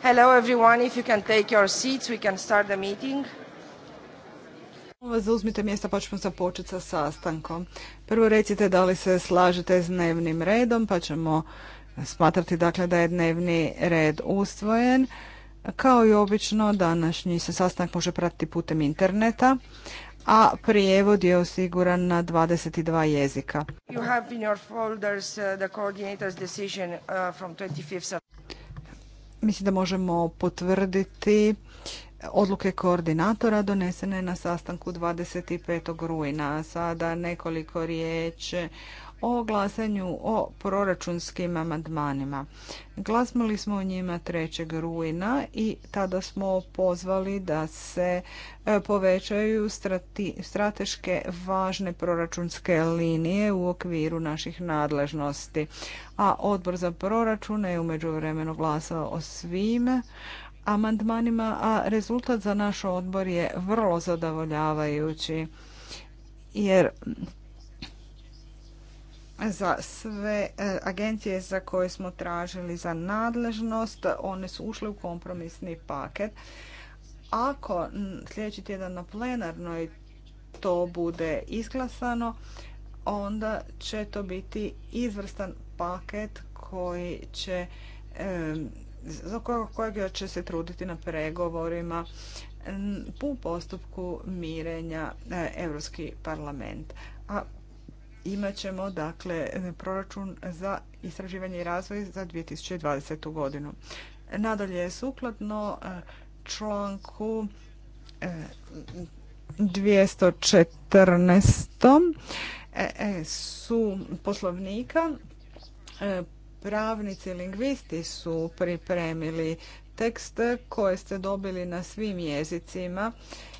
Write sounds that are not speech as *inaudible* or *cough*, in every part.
Hello everyone, if you can take your seats, we can start the meeting. Zauzmite mjesta, pa ćemo započeti sa sastankom. Prvo recite da li se slažete s dnevnim redom, pa ćemo smatrati dakle da je dnevni red ustvojen. Kao i obično, današnji se sastanak može pratiti putem interneta, a prijevod je osiguran na 22 jezika. You have in your folders uh, the coordinator's decision uh, from 25 th mislim da možemo potvrditi odluke koordinatora donesene na sastanku 25. rujna. Sada nekoliko riječi o glasanju o proračunskim amandmanima. Glasmali smo o njima 3. rujna i tada smo pozvali da se e, povećaju strateške važne proračunske linije u okviru naših nadležnosti. A odbor za proračune je umeđu vremenu glasao o svim amandmanima, a rezultat za naš odbor je vrlo zadovoljavajući jer za sve e, agencije za koje smo tražili za nadležnost. One su ušle u kompromisni paket. Ako sljedeći tjedan na plenarnoj to bude izglasano, onda će to biti izvrstan paket koji će e, za kojeg će se truditi na pregovorima u postupku mirenja e, Europski parlament. A imat ćemo dakle proračun za istraživanje i razvoj za 2020. godinu. Nadalje, sukladno e, članku 214. E, e, su poslovnika pravnici lingvisti su pripremili tekst koje ste dobili na svim jezicima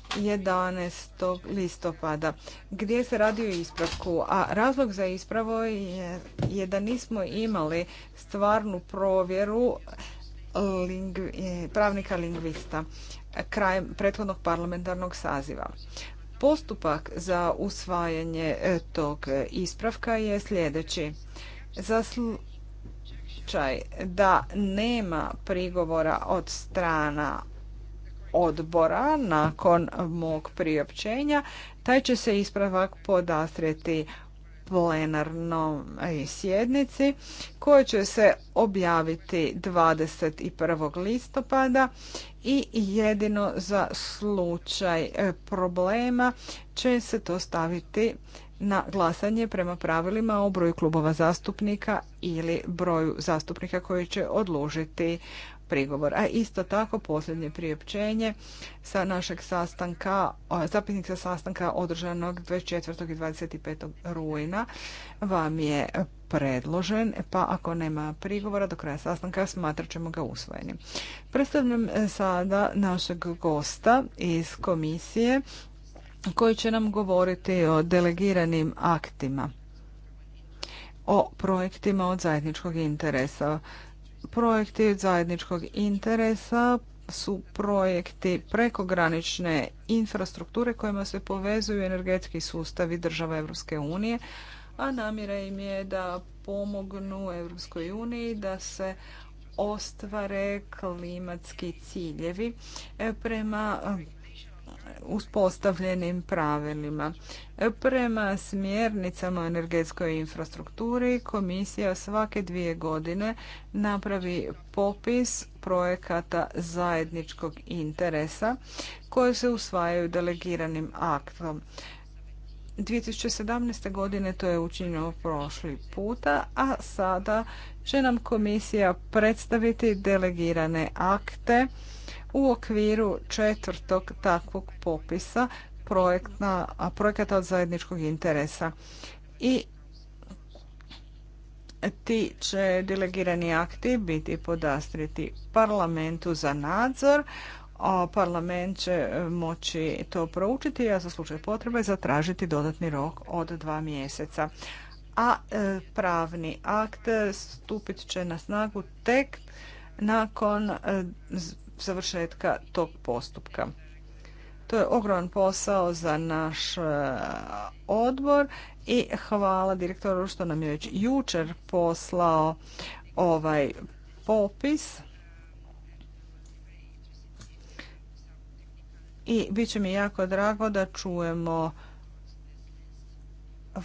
11. listopada gdje se radi o ispravku, a razlog za ispravo je, da nismo imali stvarnu provjeru e, e, pravnika lingvista krajem prethodnog parlamentarnog saziva. Postupak za usvajanje e, tog ispravka je sljedeći. Za slučaj da nema prigovora od strana odbora nakon mog priopćenja, taj će se ispravak podastrijeti plenarnoj sjednici koja će se objaviti 21. listopada i jedino za slučaj e, problema će se to staviti na glasanje prema pravilima o broju klubova zastupnika ili broju zastupnika koji će odlužiti prigovor. A isto tako posljednje priopćenje sa našeg sastanka, zapisnik sa sastanka održanog 24. i 25. rujna vam je predložen, pa ako nema prigovora do kraja sastanka smatrat ćemo ga usvojenim. Predstavljam e, sada našeg gosta iz komisije koji će nam govoriti o delegiranim aktima o projektima od zajedničkog interesa. Projekti zajedničkog interesa su projekti prekogranične infrastrukture kojima se povezuju energetski sustavi država Europske unije, a namjera im je da pomognu Europskoj uniji da se ostvare klimatski ciljevi e, prema uspostavljenim pravilima. Prema smjernicama energetskoj infrastrukturi komisija svake dvije godine napravi popis projekata zajedničkog interesa koje se usvajaju delegiranim aktom. 2017. godine to je učinjeno prošli puta, a sada će nam komisija predstaviti delegirane akte u okviru četvrtog takvog popisa projektna, projekata od zajedničkog interesa. I ti će delegirani akti biti podastriti parlamentu za nadzor, a parlament će moći to proučiti, a za slučaj potrebe zatražiti dodatni rok od dva mjeseca. A e, pravni akt stupit će na snagu tek nakon e, završetka tog postupka. To je ogroman posao za naš e, odbor i hvala direktoru što nam je već jučer poslao ovaj popis. I bit će mi jako drago da čujemo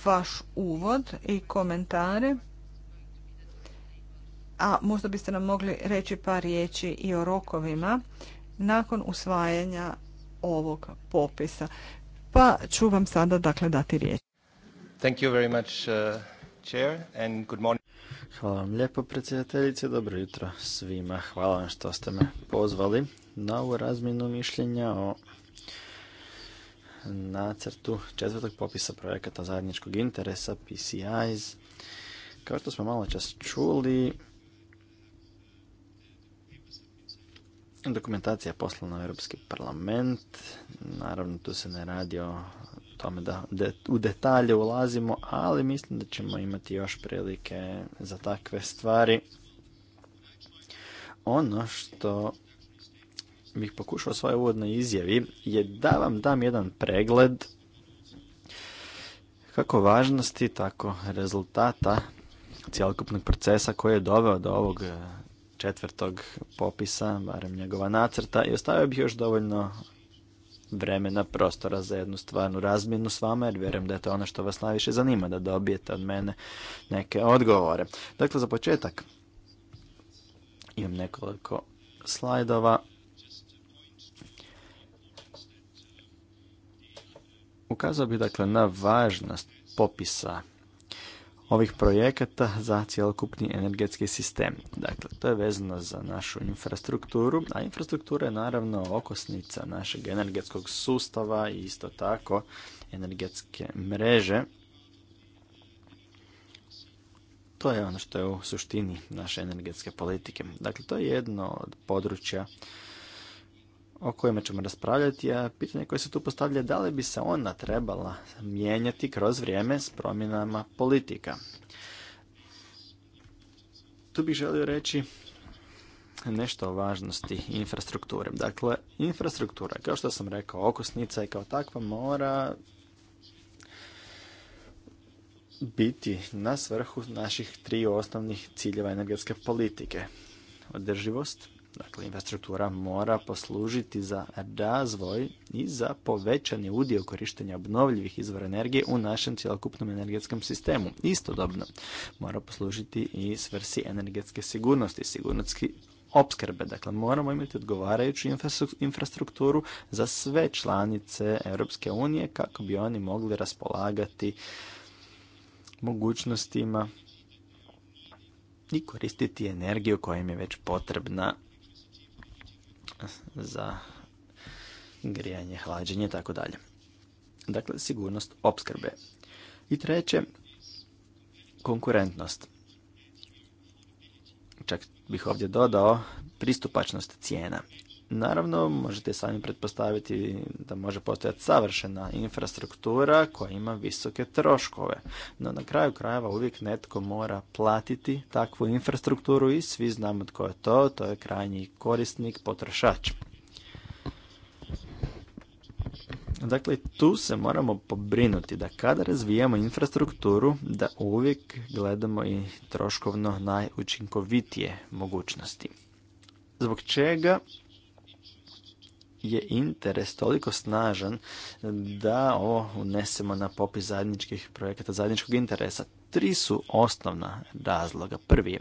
vaš uvod i komentare a možda biste nam mogli reći par riječi i o rokovima nakon usvajanja ovog popisa. Pa ću vam sada dakle dati riječ. Thank you very much, uh, chair, and good morning. Hvala vam lijepo predsjedateljice, dobro jutro svima. Hvala vam što ste me pozvali na ovu razminu mišljenja o nacrtu četvrtog popisa projekata zajedničkog interesa PCIs. Kao što smo malo čas čuli, Dokumentacija je poslana u Europski parlament. Naravno, tu se ne radi o tome da u detalje ulazimo, ali mislim da ćemo imati još prilike za takve stvari. Ono što bih pokušao svoje uvodne izjavi je da vam dam jedan pregled kako važnosti, tako rezultata cjelokupnog procesa koji je doveo do ovog četvrtog popisa, barem njegova nacrta, i ostavio bih još dovoljno vremena, prostora za jednu stvarnu razmjenu s vama, jer vjerujem da je to ono što vas najviše zanima, da dobijete od mene neke odgovore. Dakle, za početak imam nekoliko slajdova. Ukazao bih dakle na važnost popisa ovih projekata za cjelokupni energetski sistem. Dakle, to je vezano za našu infrastrukturu, a infrastruktura je naravno okosnica našeg energetskog sustava i isto tako energetske mreže. To je ono što je u suštini naše energetske politike. Dakle, to je jedno od područja o kojima ćemo raspravljati, a pitanje koje se tu postavlja da li bi se ona trebala mijenjati kroz vrijeme s promjenama politika. Tu bih želio reći nešto o važnosti infrastrukture. Dakle, infrastruktura, kao što sam rekao, okusnica i kao takva mora biti na svrhu naših tri osnovnih ciljeva energetske politike. Održivost, Dakle, infrastruktura mora poslužiti za razvoj i za povećani udio korištenja obnovljivih izvora energije u našem cjelokupnom energetskom sistemu. Istodobno, mora poslužiti i svrsi energetske sigurnosti, sigurnosti opskrbe. Dakle, moramo imati odgovarajuću infrastrukturu za sve članice Europske unije kako bi oni mogli raspolagati mogućnostima i koristiti energiju koja im je već potrebna za grijanje, hlađenje i tako dalje. Dakle, sigurnost opskrbe. I treće, konkurentnost. Čak bih ovdje dodao pristupačnost cijena. Naravno, možete sami pretpostaviti da može postojati savršena infrastruktura koja ima visoke troškove. No na kraju krajeva uvijek netko mora platiti takvu infrastrukturu i svi znamo tko je to, to je krajnji korisnik, potrošač. Dakle, tu se moramo pobrinuti da kada razvijamo infrastrukturu, da uvijek gledamo i troškovno najučinkovitije mogućnosti. Zbog čega je interes toliko snažan da ovo unesemo na popis zajedničkih projekata zajedničkog interesa. Tri su osnovna razloga. Prvi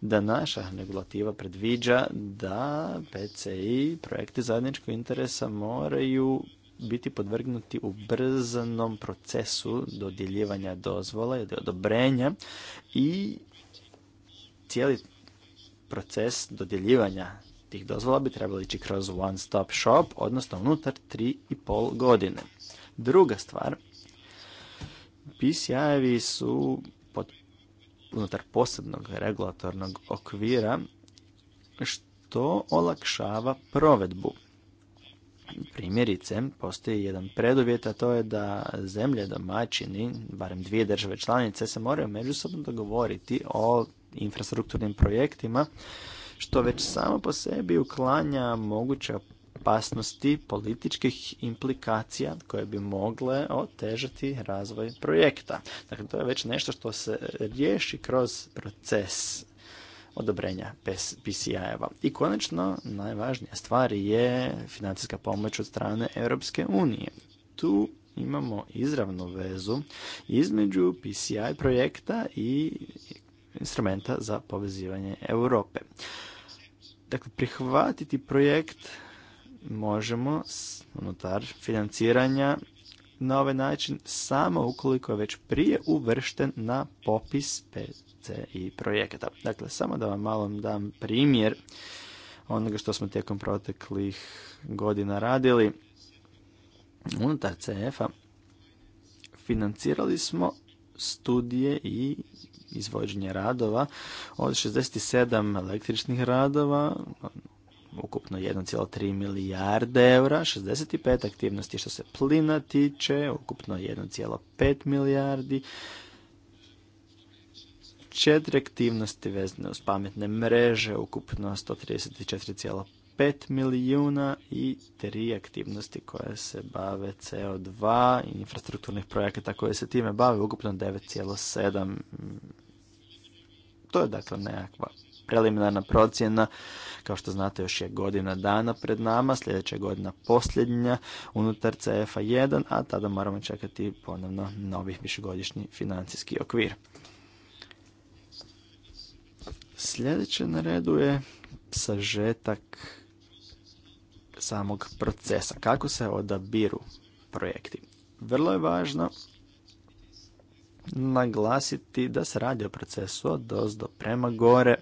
da naša regulativa predviđa da PCI projekti zajedničkog interesa moraju biti podvrgnuti u ubrzanom procesu dodjeljivanja dozvola ili odobrenja i cijeli proces dodjeljivanja tih dozvola bi trebali ići kroz one stop shop, odnosno unutar 3,5 godine. Druga stvar, PCI-evi su pod, unutar posebnog regulatornog okvira što olakšava provedbu. Primjerice, postoji jedan preduvjet, a to je da zemlje domaćini, barem dvije države članice, se moraju međusobno dogovoriti o infrastrukturnim projektima što već samo po sebi uklanja moguće opasnosti političkih implikacija koje bi mogle otežati razvoj projekta. Dakle, to je već nešto što se riješi kroz proces odobrenja PCI-eva. I konačno, najvažnija stvar je financijska pomoć od strane Europske unije. Tu imamo izravnu vezu između PCI projekta i instrumenta za povezivanje Europe. Dakle, prihvatiti projekt možemo unutar financiranja na ovaj način samo ukoliko je već prije uvršten na popis PCI projekata. Dakle, samo da vam malo dam primjer onoga što smo tijekom proteklih godina radili. Unutar CF-a financirali smo studije i izvođenje radova od 67 električnih radova, ukupno 1,3 milijarde eura, 65 aktivnosti što se plina tiče, ukupno 1,5 milijardi, četiri aktivnosti vezane uz pametne mreže, ukupno 134,5 5 milijuna i tri aktivnosti koje se bave CO2 i infrastrukturnih projekata koje se time bave, ukupno 9,7. To je dakle nekakva preliminarna procjena. Kao što znate, još je godina dana pred nama, sljedeća godina posljednja unutar CFA 1, a tada moramo čekati ponovno novi višegodišnji financijski okvir. Sljedeće na redu je sažetak samog procesa, kako se odabiru projekti. Vrlo je važno naglasiti da se radi o procesu od dozdo prema gore.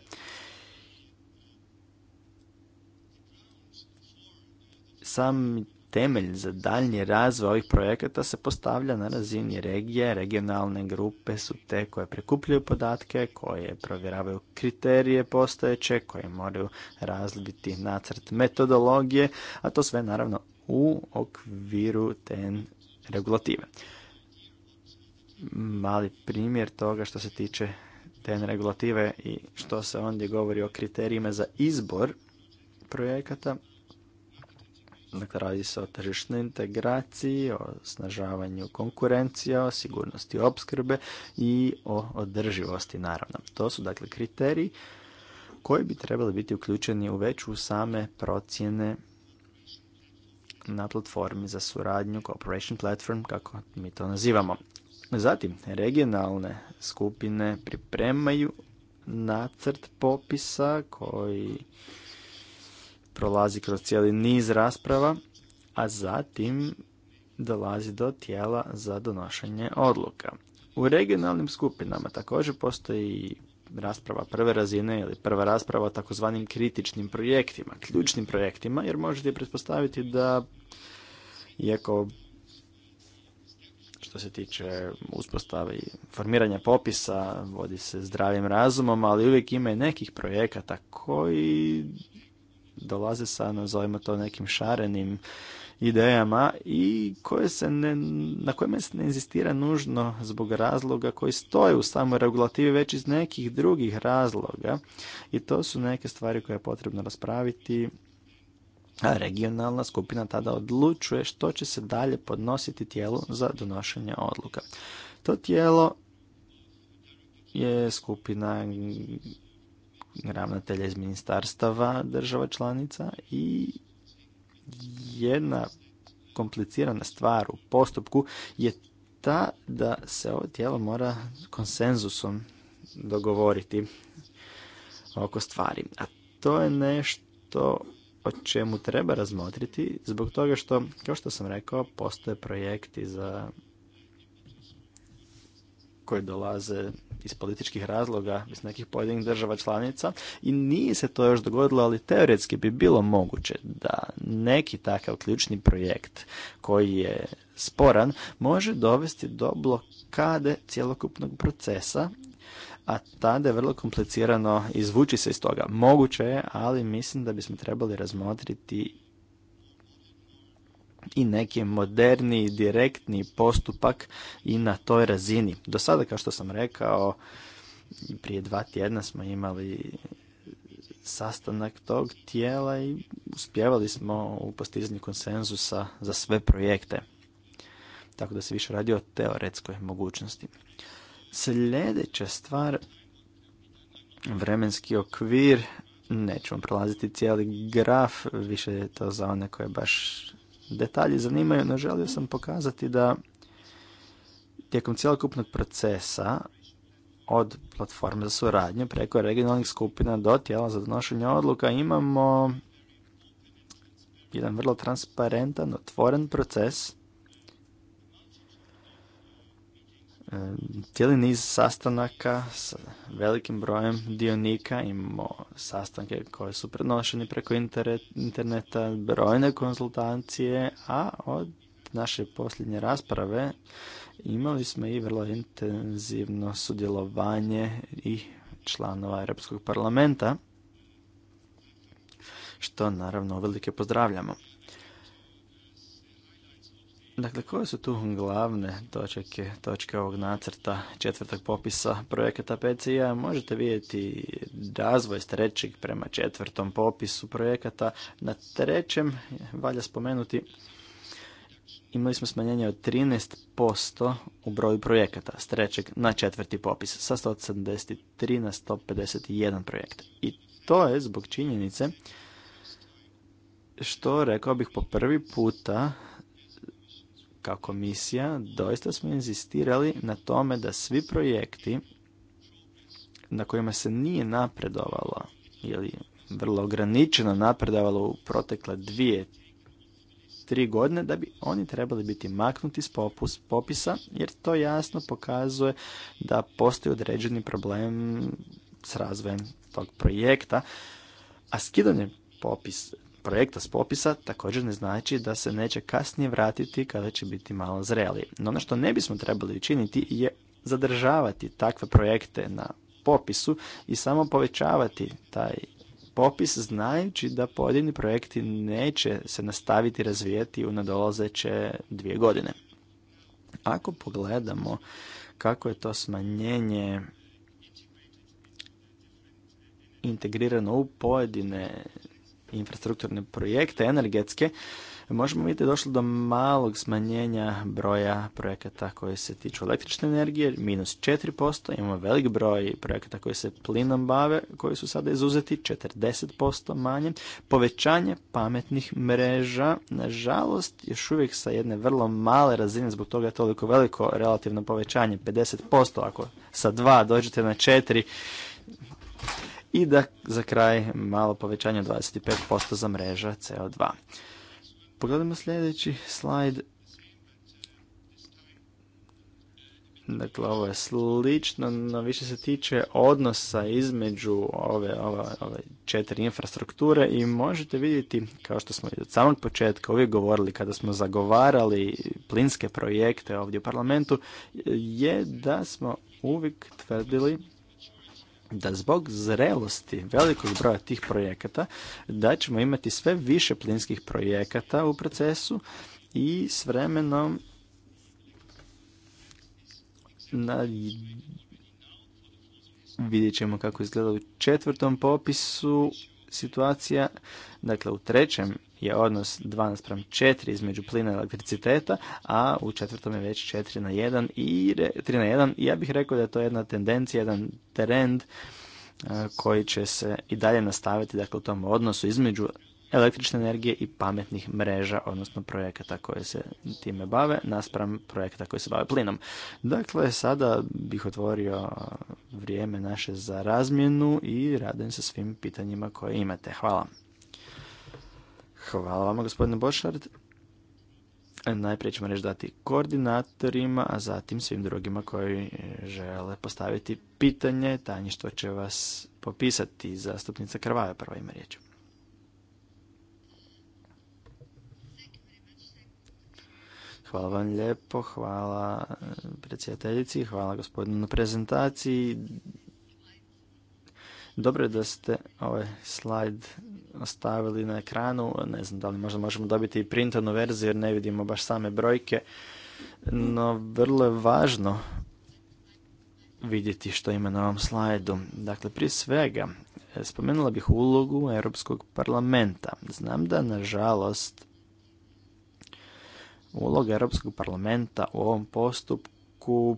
Sam temelj za daljnji razvoj ovih projekata se postavlja na razini regije. Regionalne grupe su te koje prikupljaju podatke, koje provjeravaju kriterije postojeće, koje moraju razbiti nacrt metodologije, a to sve naravno u okviru ten regulative. Mali primjer toga što se tiče ten regulative i što se ondje govori o kriterijima za izbor projekata Dakle, radi se o tržišnoj integraciji, o snažavanju konkurencija, o sigurnosti opskrbe i o održivosti, naravno. To su, dakle, kriteriji koji bi trebali biti uključeni u veću same procjene na platformi za suradnju, Cooperation Platform, kako mi to nazivamo. Zatim, regionalne skupine pripremaju nacrt popisa koji prolazi kroz cijeli niz rasprava, a zatim dolazi do tijela za donošenje odluka. U regionalnim skupinama također postoji rasprava prve razine ili prva rasprava o takozvanim kritičnim projektima, ključnim projektima, jer možete pretpostaviti da iako što se tiče uspostave i formiranja popisa, vodi se zdravim razumom, ali uvijek ima i nekih projekata koji dolaze sa, nazovimo to, nekim šarenim idejama i koje se ne, na kojima se ne inzistira nužno zbog razloga koji stoje u samoj regulativi već iz nekih drugih razloga i to su neke stvari koje je potrebno raspraviti a regionalna skupina tada odlučuje što će se dalje podnositi tijelu za donošenje odluka. To tijelo je skupina ravnatelja iz ministarstava država članica i jedna komplicirana stvar u postupku je ta da se ovo tijelo mora konsenzusom dogovoriti oko stvari. A to je nešto o čemu treba razmotriti zbog toga što, kao što sam rekao, postoje projekti za koji dolaze iz političkih razloga iz nekih pojedinih država članica i nije se to još dogodilo, ali teoretski bi bilo moguće da neki takav ključni projekt koji je sporan može dovesti do blokade cjelokupnog procesa a tada je vrlo komplicirano izvući se iz toga. Moguće je, ali mislim da bismo trebali razmotriti i neki moderni, direktni postupak i na toj razini. Do sada, kao što sam rekao, prije dva tjedna smo imali sastanak tog tijela i uspjevali smo u postizanju konsenzusa za sve projekte. Tako da se više radi o teoretskoj mogućnosti. Sljedeća stvar, vremenski okvir, nećemo prolaziti cijeli graf, više je to za one koje baš detalji zanimaju, no želio sam pokazati da tijekom cjelokupnog procesa od platforme za suradnju preko regionalnih skupina do tijela za donošenje odluka imamo jedan vrlo transparentan, otvoren proces cijeli niz sastanaka s velikim brojem dionika, imamo sastanke koje su prenošeni preko interneta, brojne konzultacije, a od naše posljednje rasprave imali smo i vrlo intenzivno sudjelovanje i članova Europskog parlamenta, što naravno velike pozdravljamo. Dakle, koje su tu glavne točke, točke ovog nacrta četvrtog popisa projekata PCI-a? Možete vidjeti razvoj s trećeg prema četvrtom popisu projekata. Na trećem, valja spomenuti, imali smo smanjenje od 13% u broju projekata s trećeg na četvrti popis, sa 173 na 151 projekt. I to je zbog činjenice što, rekao bih, po prvi puta kao komisija doista smo inzistirali na tome da svi projekti na kojima se nije napredovalo ili vrlo ograničeno napredovalo u protekle dvije, tri godine, da bi oni trebali biti maknuti s popus, popisa, jer to jasno pokazuje da postoji određeni problem s razvojem tog projekta, a skidanje popis projekta s popisa također ne znači da se neće kasnije vratiti kada će biti malo zreli. No ono što ne bismo trebali učiniti je zadržavati takve projekte na popisu i samo povećavati taj popis znajući da pojedini projekti neće se nastaviti razvijati u nadolazeće dvije godine. Ako pogledamo kako je to smanjenje integrirano u pojedine infrastrukturne projekte energetske, možemo vidjeti došlo do malog smanjenja broja projekata koji se tiču električne energije, minus 4%, imamo velik broj projekata koji se plinom bave, koji su sada izuzeti, 40% manje, povećanje pametnih mreža, nažalost, još uvijek sa jedne vrlo male razine, zbog toga je toliko veliko relativno povećanje, 50%, ako sa 2 dođete na 4, i da za kraj malo povećanje od 25% za mreža CO2. Pogledajmo sljedeći slajd. Dakle, ovo je slično, no više se tiče odnosa između ove, ove, ove četiri infrastrukture i možete vidjeti, kao što smo od samog početka uvijek govorili kada smo zagovarali plinske projekte ovdje u parlamentu, je da smo uvijek tvrdili da zbog zrelosti velikog broja tih projekata da ćemo imati sve više plinskih projekata u procesu i s vremenom na vidjet ćemo kako izgleda u četvrtom popisu situacija. Dakle, u trećem je odnos 12 naspram 4 između plina i elektriciteta, a u četvrtom je već 4 na 1 i 3 na 1. I ja bih rekao da je to jedna tendencija, jedan trend koji će se i dalje nastaviti dakle, u tom odnosu između električne energije i pametnih mreža, odnosno projekata koje se time bave, naspram projekata koji se bave plinom. Dakle, sada bih otvorio vrijeme naše za razmjenu i radim sa svim pitanjima koje imate. Hvala. Hvala vama, gospodine Bošard. Najprije ćemo reći dati koordinatorima, a zatim svim drugima koji žele postaviti pitanje. Tanji što će vas popisati, zastupnica Krvaja prva ima riječ. Hvala vam lijepo, hvala eh, predsjedateljici, hvala gospodinu na prezentaciji. Dobro je da ste ovaj slajd ostavili na ekranu, ne znam da li možda možemo dobiti i printanu verziju jer ne vidimo baš same brojke, no vrlo je važno vidjeti što ima na ovom slajdu. Dakle, prije svega, eh, spomenula bih ulogu Europskog parlamenta. Znam da, nažalost, Uloga Europskog parlamenta u ovom postupku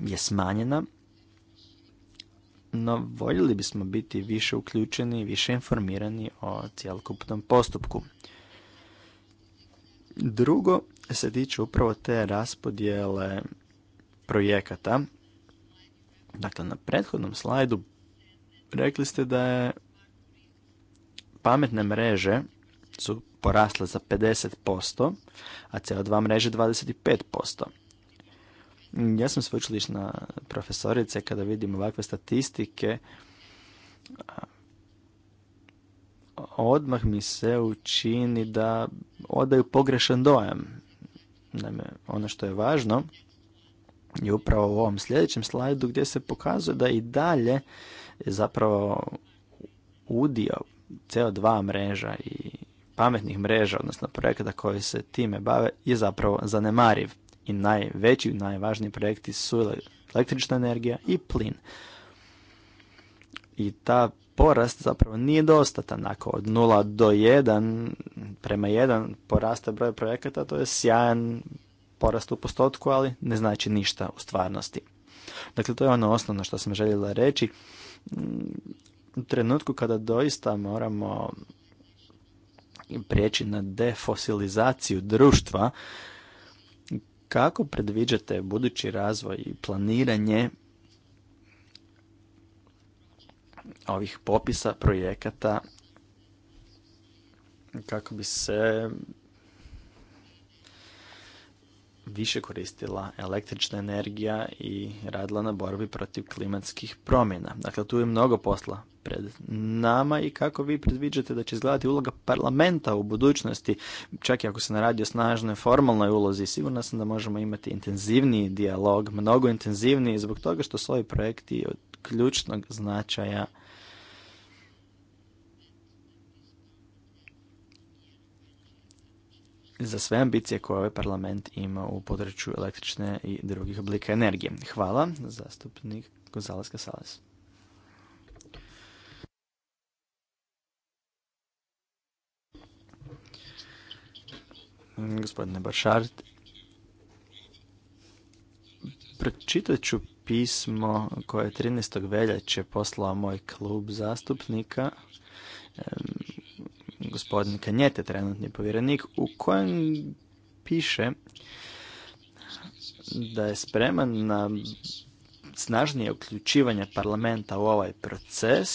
je smanjena, no voljeli bismo biti više uključeni i više informirani o cjelokupnom postupku. Drugo se tiče upravo te raspodjele projekata. Dakle, na prethodnom slajdu rekli ste da je pametne mreže su porasla za 50%, a CO2 mreže 25%. Ja sam sveučilišna profesorica i kada vidim ovakve statistike, odmah mi se učini da odaju pogrešan dojam. Naime, ono što je važno je upravo u ovom sljedećem slajdu gdje se pokazuje da i dalje zapravo udio CO2 mreža i pametnih mreža, odnosno projekata koji se time bave, je zapravo zanemariv. I najveći, najvažniji projekti su električna energija i plin. I ta porast zapravo nije dostatan. Ako od 0 do 1 prema 1 poraste broj projekata, to je sjajan porast u postotku, ali ne znači ništa u stvarnosti. Dakle, to je ono osnovno što sam željela reći. U trenutku kada doista moramo prijeći na defosilizaciju društva, kako predviđate budući razvoj i planiranje ovih popisa projekata kako bi se više koristila električna energija i radila na borbi protiv klimatskih promjena. Dakle, tu je mnogo posla pred nama i kako vi predviđate da će izgledati uloga parlamenta u budućnosti, čak i ako se naradi o snažnoj formalnoj ulozi, sigurno sam da možemo imati intenzivniji dijalog, mnogo intenzivniji, zbog toga što su ovi projekti od ključnog značaja za sve ambicije koje ovaj parlament ima u području električne i drugih oblika energije. Hvala, zastupnik Gonzales Casales. Mm, gospodine Baršart, pročitat ću pismo koje je 13. veljače poslao moj klub zastupnika, gospodin Kanjete, trenutni povjerenik, u kojem piše da je spreman na snažnije uključivanje parlamenta u ovaj proces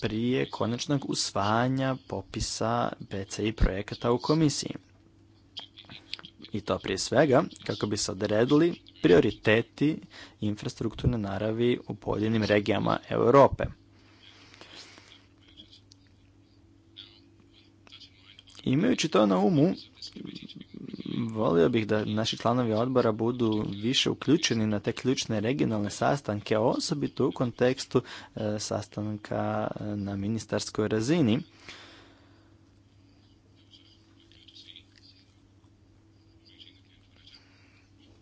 prije konačnog usvajanja popisa PCI projekata u komisiji i to prije svega kako bi se odredili prioriteti infrastrukturne naravi u pojedinim regijama Europe. Imajući to na umu, volio bih da naši članovi odbora budu više uključeni na te ključne regionalne sastanke, osobito u kontekstu e, sastanka e, na ministarskoj razini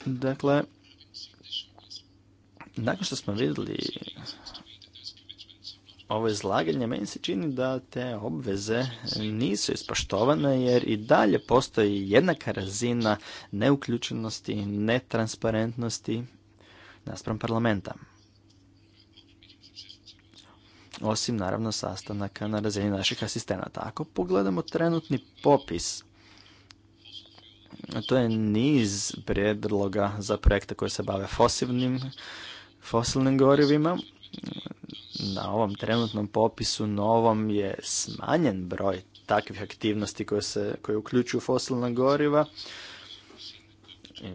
Dakle, nakon što smo vidjeli ovo izlaganje, meni se čini da te obveze nisu ispoštovane jer i dalje postoji jednaka razina neuključenosti, netransparentnosti naspram parlamenta. Osim naravno sastanaka na razini naših asistenata. Ako pogledamo trenutni popis to je niz predloga za projekte koje se bave fosilnim, fosilnim gorivima. Na ovom trenutnom popisu novom je smanjen broj takvih aktivnosti koje, se, koje uključuju fosilna goriva.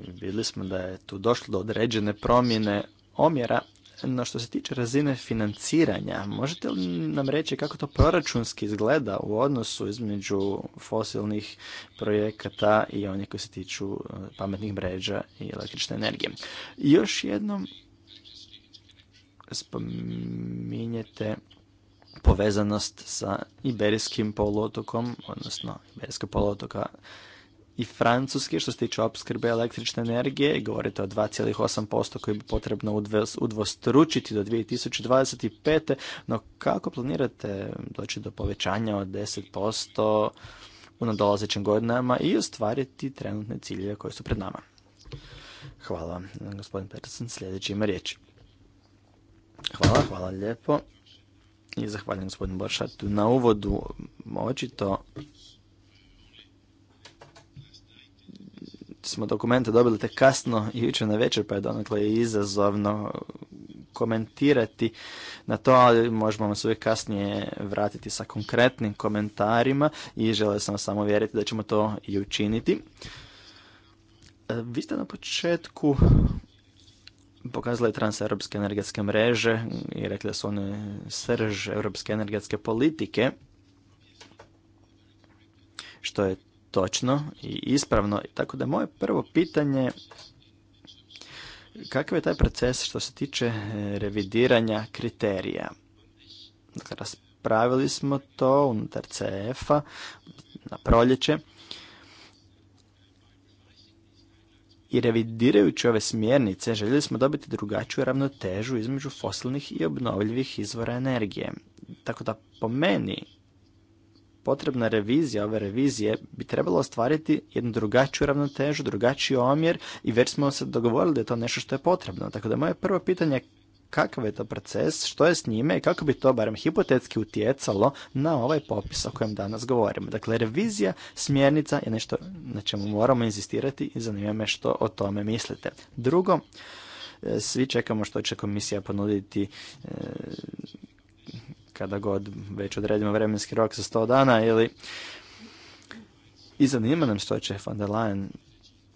vidjeli smo da je tu došlo do određene promjene omjera no što se tiče razine financiranja, možete li nam reći kako to proračunski izgleda u odnosu između fosilnih projekata i onih koji se tiču e, pametnih mreža i električne energije? još jednom spominjete povezanost sa Iberijskim poluotokom, odnosno Iberijska poluotoka i Francuske što se tiče opskrbe električne energije i govorite o 2,8% koji bi potrebno udvostručiti do 2025. No kako planirate doći do povećanja od 10% u nadolazećim godinama i ostvariti trenutne ciljeve koje su pred nama? Hvala vam, gospodin Peterson. Sljedeći ima riječ. Hvala, hvala lijepo. I zahvaljujem gospodinu Boršatu na uvodu. Očito smo dokumente dobili tek kasno jučer na večer, pa je donekle izazovno komentirati na to, ali možemo vam se uvijek kasnije vratiti sa konkretnim komentarima i želeo sam vas samo vjeriti da ćemo to i učiniti. E, vi ste na početku pokazali transeuropske energetske mreže i rekli da su one srž europske energetske politike, što je točno i ispravno. Tako da moje prvo pitanje kakav je taj proces što se tiče e, revidiranja kriterija? Dakle, raspravili smo to unutar CF-a na proljeće i revidirajući ove smjernice željeli smo dobiti drugačiju ravnotežu između fosilnih i obnovljivih izvora energije. Tako da po meni potrebna revizija, ove revizije bi trebalo ostvariti jednu drugačiju ravnotežu, drugačiji omjer i već smo se dogovorili da je to nešto što je potrebno. Tako da moje prvo pitanje je kakav je to proces, što je s njime i kako bi to barem hipotetski utjecalo na ovaj popis o kojem danas govorimo. Dakle, revizija smjernica je nešto na čemu moramo inzistirati i zanima me što o tome mislite. Drugo, e, svi čekamo što će komisija ponuditi e, kada god već odredimo vremenski rok za 100 dana ili i zanima nam što će von der Leyen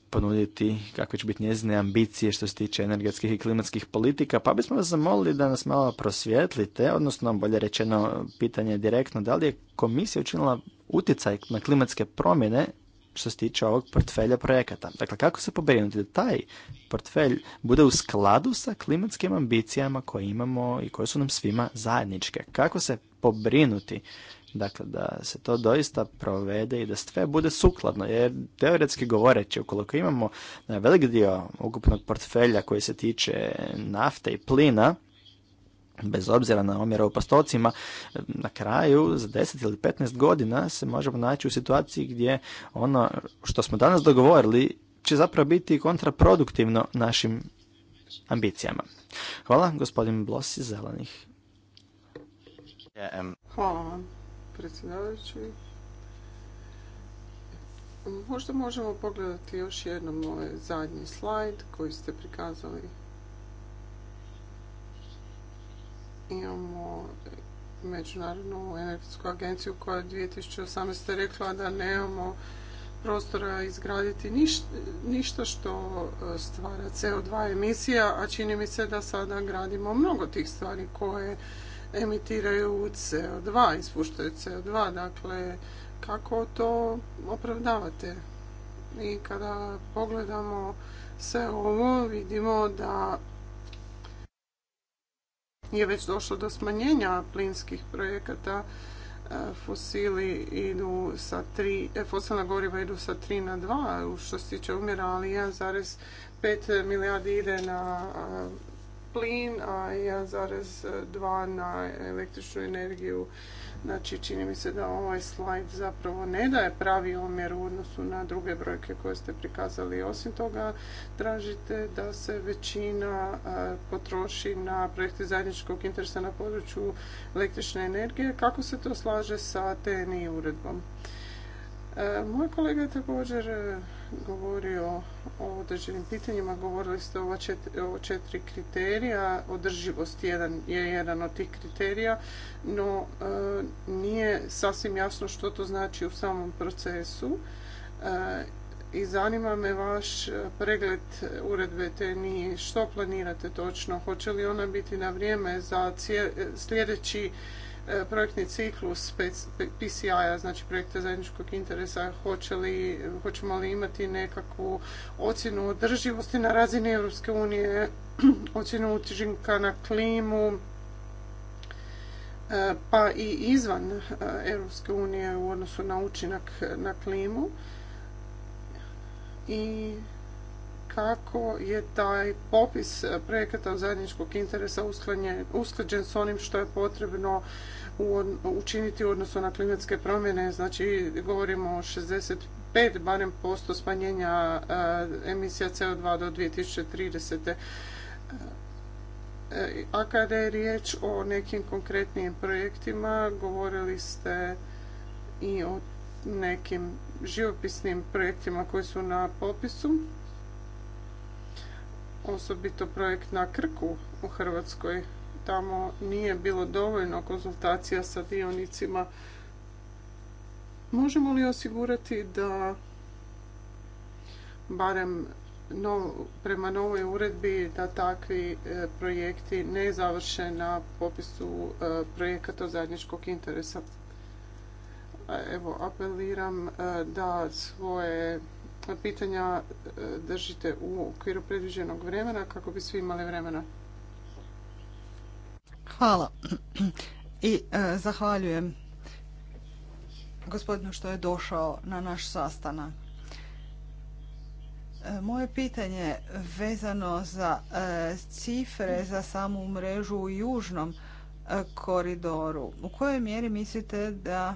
ponuditi, kakve će biti njezine ambicije što se tiče energetskih i klimatskih politika, pa bismo vas zamolili da nas malo prosvjetlite, odnosno bolje rečeno pitanje direktno, da li je komisija učinila utjecaj na klimatske promjene što se tiče ovog portfelja projekata. Dakle, kako se pobrinuti da taj portfelj bude u skladu sa klimatskim ambicijama koje imamo i koje su nam svima zajedničke? Kako se pobrinuti Dakle, da se to doista provede i da sve bude sukladno, jer teoretski govoreći, ukoliko imamo velik dio ukupnog portfelja koji se tiče nafte i plina, bez obzira na omjera u postocima, na kraju za 10 ili 15 godina se možemo naći u situaciji gdje ono što smo danas dogovorili će zapravo biti kontraproduktivno našim ambicijama. Hvala, gospodin Blos iz Zelenih. Hvala vam, predsjedavajući. Možda možemo pogledati još jednom ovaj zadnji slajd koji ste prikazali Imamo e, Međunarodnu energetsku agenciju koja je 2018. rekla da nemamo prostora izgraditi ništa, ništa što e, stvara CO2 emisija, a čini mi se da sada gradimo mnogo tih stvari koje emitiraju CO2, ispuštaju CO2, dakle kako to opravdavate? I kada pogledamo sve ovo vidimo da je već došlo do smanjenja plinskih projekata. E, fosili idu sa 3, e, fosilna goriva idu sa 3 na 2, što se tiče umjera, ali 1,5 milijardi ide na e, plin, a 1,2 na električnu energiju Znači, čini mi se da ovaj slajd zapravo ne daje pravi omjer u odnosu na druge brojke koje ste prikazali. Osim toga, tražite da se većina e, potroši na projekte zajedničkog interesa na području električne energije. Kako se to slaže sa TNI uredbom? E, moj kolega je također e, govorio o određenim pitanjima. Govorili ste o četiri, četiri kriterija. Održivost jedan, je jedan od tih kriterija, no e, nije sasvim jasno što to znači u samom procesu. E, I zanima me vaš e, pregled uredbe te TNI. Što planirate točno? Hoće li ona biti na vrijeme za sljedeći E, projektni ciklus PCI-a, znači projekta zajedničkog interesa, hoćemo li imati nekakvu ocjenu održivosti na razini Europske unije, *clears throat* ocjenu učinka na klimu, e, pa i izvan e, Europske unije u odnosu na učinak na klimu. I kako je taj popis projekata od zajedničkog interesa usklađen s onim što je potrebno učiniti u odnosu na klimatske promjene. Znači, govorimo o 65 barem posto smanjenja eh, emisija CO2 do 2030 eh, a kada je riječ o nekim konkretnijim projektima, govorili ste i o nekim živopisnim projektima koji su na popisu osobito projekt na Krku u Hrvatskoj. Tamo nije bilo dovoljno konzultacija sa dionicima. Možemo li osigurati da barem prema novoj uredbi da takvi e, projekti ne završe na popisu e, projekata zajedničkog interesa. Evo, apeliram e, da svoje pitanja e, držite u okviru predviđenog vremena kako bi svi imali vremena. Hvala i e, zahvaljujem gospodinu što je došao na naš sastanak. E, moje pitanje vezano za cifre za samu mrežu u južnom koridoru. U kojoj mjeri mislite da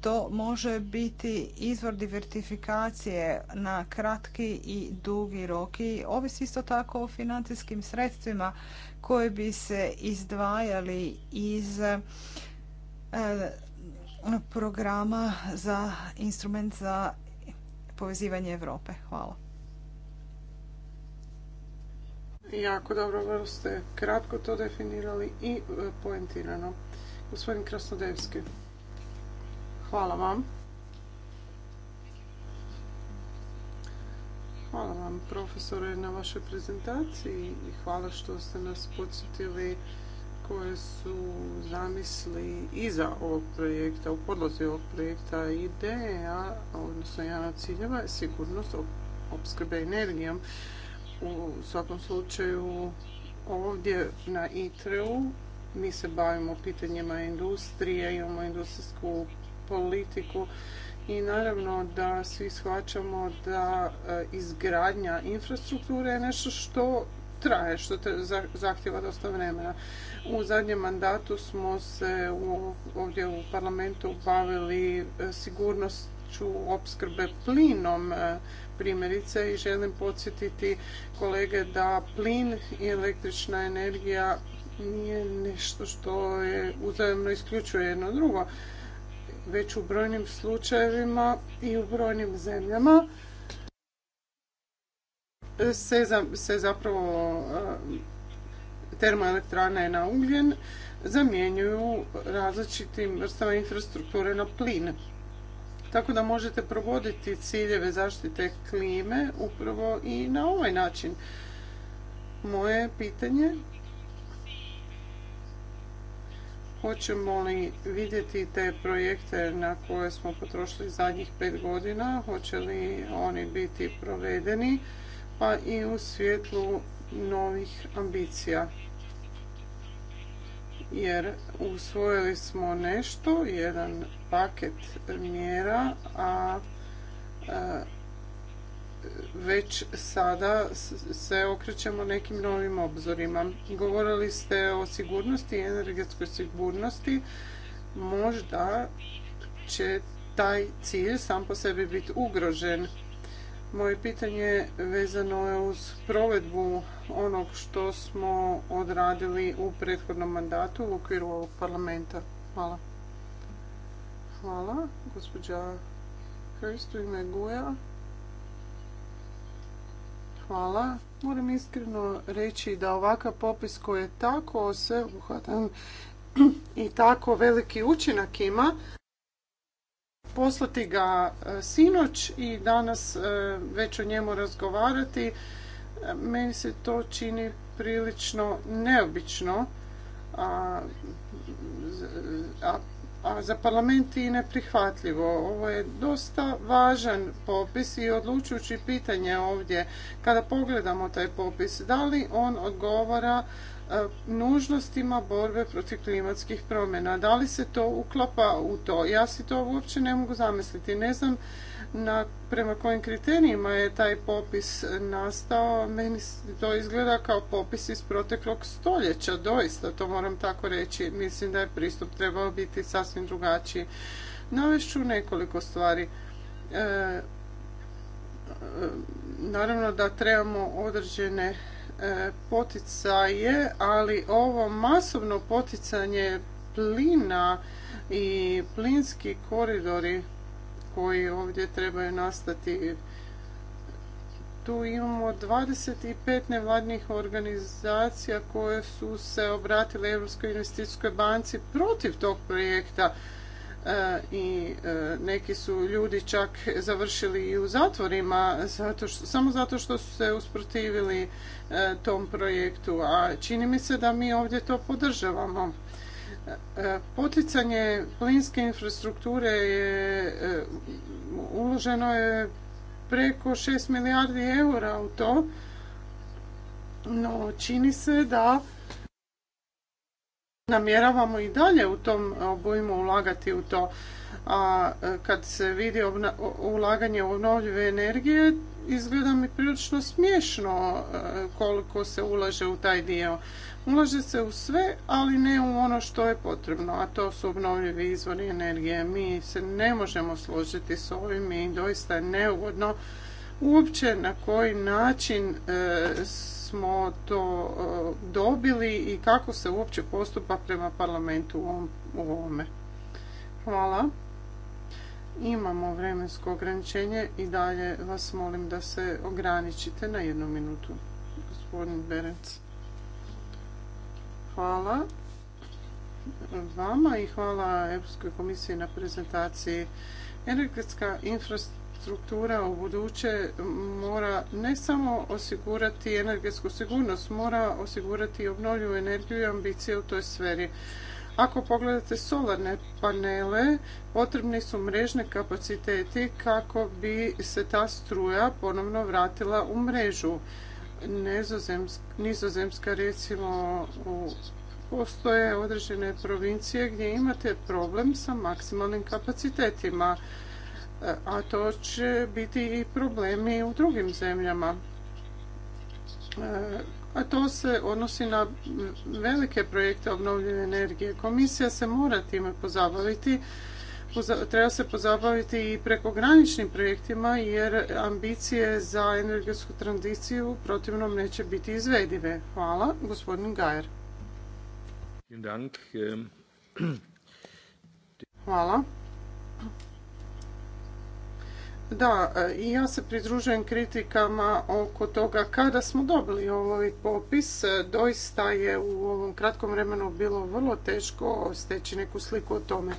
to može biti izvor divertifikacije na kratki i dugi rok i ovisi isto tako o financijskim sredstvima koje bi se izdvajali iz e, programa za instrument za povezivanje Europe. Hvala. Jako dobro, vrlo ste kratko to definirali i e, poentirano. Gospodin Krasnodevski. Hvala vam. Hvala vam profesore na vašoj prezentaciji i hvala što ste nas podsjetili koje su zamisli iza ovog projekta, u podlozi ovog projekta ideja, odnosno jedan od ciljeva je sigurnost opskrbe energijom. U svakom slučaju ovdje na itre mi se bavimo pitanjima industrije, imamo industrijsku politiku i naravno da svi shvaćamo da e, izgradnja infrastrukture je nešto što traje, što te zahtjeva dosta vremena. U zadnjem mandatu smo se ovdje u parlamentu bavili e, sigurnošću opskrbe plinom e, primjerice i želim podsjetiti kolege da plin i električna energija nije nešto što je uzajemno isključuje jedno drugo već u brojnim slučajevima i u brojnim zemljama se, se zapravo e, termoelektrane na ugljen zamjenjuju različitim vrstama infrastrukture na plin. Tako da možete provoditi ciljeve zaštite klime upravo i na ovaj način. Moje pitanje Hoćemo li vidjeti te projekte na koje smo potrošili zadnjih pet godina? Hoće li oni biti provedeni? Pa i u svjetlu novih ambicija. Jer usvojili smo nešto, jedan paket mjera, a e, već sada se okrećemo nekim novim obzorima. Govorili ste o sigurnosti, i energetskoj sigurnosti. Možda će taj cilj sam po sebi biti ugrožen. Moje pitanje vezano je uz provedbu onog što smo odradili u prethodnom mandatu u okviru ovog parlamenta. Hvala. Hvala, gospođa Hrst u ime Guja. Hvala. Moram iskreno reći da ovakav popis koji je tako sveobuhvatan i tako veliki učinak ima, poslati ga e, sinoć i danas e, već o njemu razgovarati, e, meni se to čini prilično neobično a za parlament i neprihvatljivo. Ovo je dosta važan popis i odlučujući pitanje ovdje kada pogledamo taj popis, da li on odgovara e, nužnostima borbe protiv klimatskih promjena. Da li se to uklapa u to? Ja si to uopće ne mogu zamisliti. Ne znam na, prema kojim kriterijima je taj popis nastao, meni to izgleda kao popis iz proteklog stoljeća, doista, to moram tako reći. Mislim da je pristup trebao biti sasvim drugačiji. Navešću nekoliko stvari. E, naravno da trebamo određene e, poticaje, ali ovo masovno poticanje plina i plinski koridori koji ovdje trebaju nastati. Tu imamo 25 nevladnih organizacija koje su se obratile Europskoj investicijskoj banci protiv tog projekta e, i e, neki su ljudi čak završili i u zatvorima samo zato što su se usprotivili e, tom projektu, a čini mi se da mi ovdje to podržavamo. Poticanje plinske infrastrukture je e, uloženo je preko 6 milijardi eura u to, no čini se da namjeravamo i dalje u tom obujmu ulagati u to. A e, kad se vidi ulaganje u obnovljive energije, izgleda mi prilično smiješno e, koliko se ulaže u taj dio. Ulaže se u sve, ali ne u ono što je potrebno, a to su obnovljivi izvori energije. Mi se ne možemo složiti s ovim i doista je neugodno uopće na koji način e, smo to e, dobili i kako se uopće postupa prema parlamentu u ovome. Hvala. Imamo vremensko ograničenje i dalje vas molim da se ograničite na jednu minutu. Gospodin Berec. Hvala vama i hvala Europskoj komisiji na prezentaciji. Energetska infrastruktura u buduće mora ne samo osigurati energetsku sigurnost, mora osigurati i obnovljivu energiju i ambicije u toj sferi. Ako pogledate solarne panele, potrebni su mrežne kapaciteti kako bi se ta struja ponovno vratila u mrežu. Nizozemska recimo postoje određene provincije gdje imate problem sa maksimalnim kapacitetima, e, a to će biti i problemi u drugim zemljama e, a to se odnosi na velike projekte obnovljive energije. Komisija se mora time pozabaviti treba se pozabaviti i prekograničnim projektima jer ambicije za energetsku tranziciju protivnom neće biti izvedive. Hvala, gospodin Gajer. Ähm, Hvala. Da, e, i ja se pridružujem kritikama oko toga kada smo dobili ovaj popis. E, doista je u ovom kratkom vremenu bilo vrlo teško steći neku sliku o tome.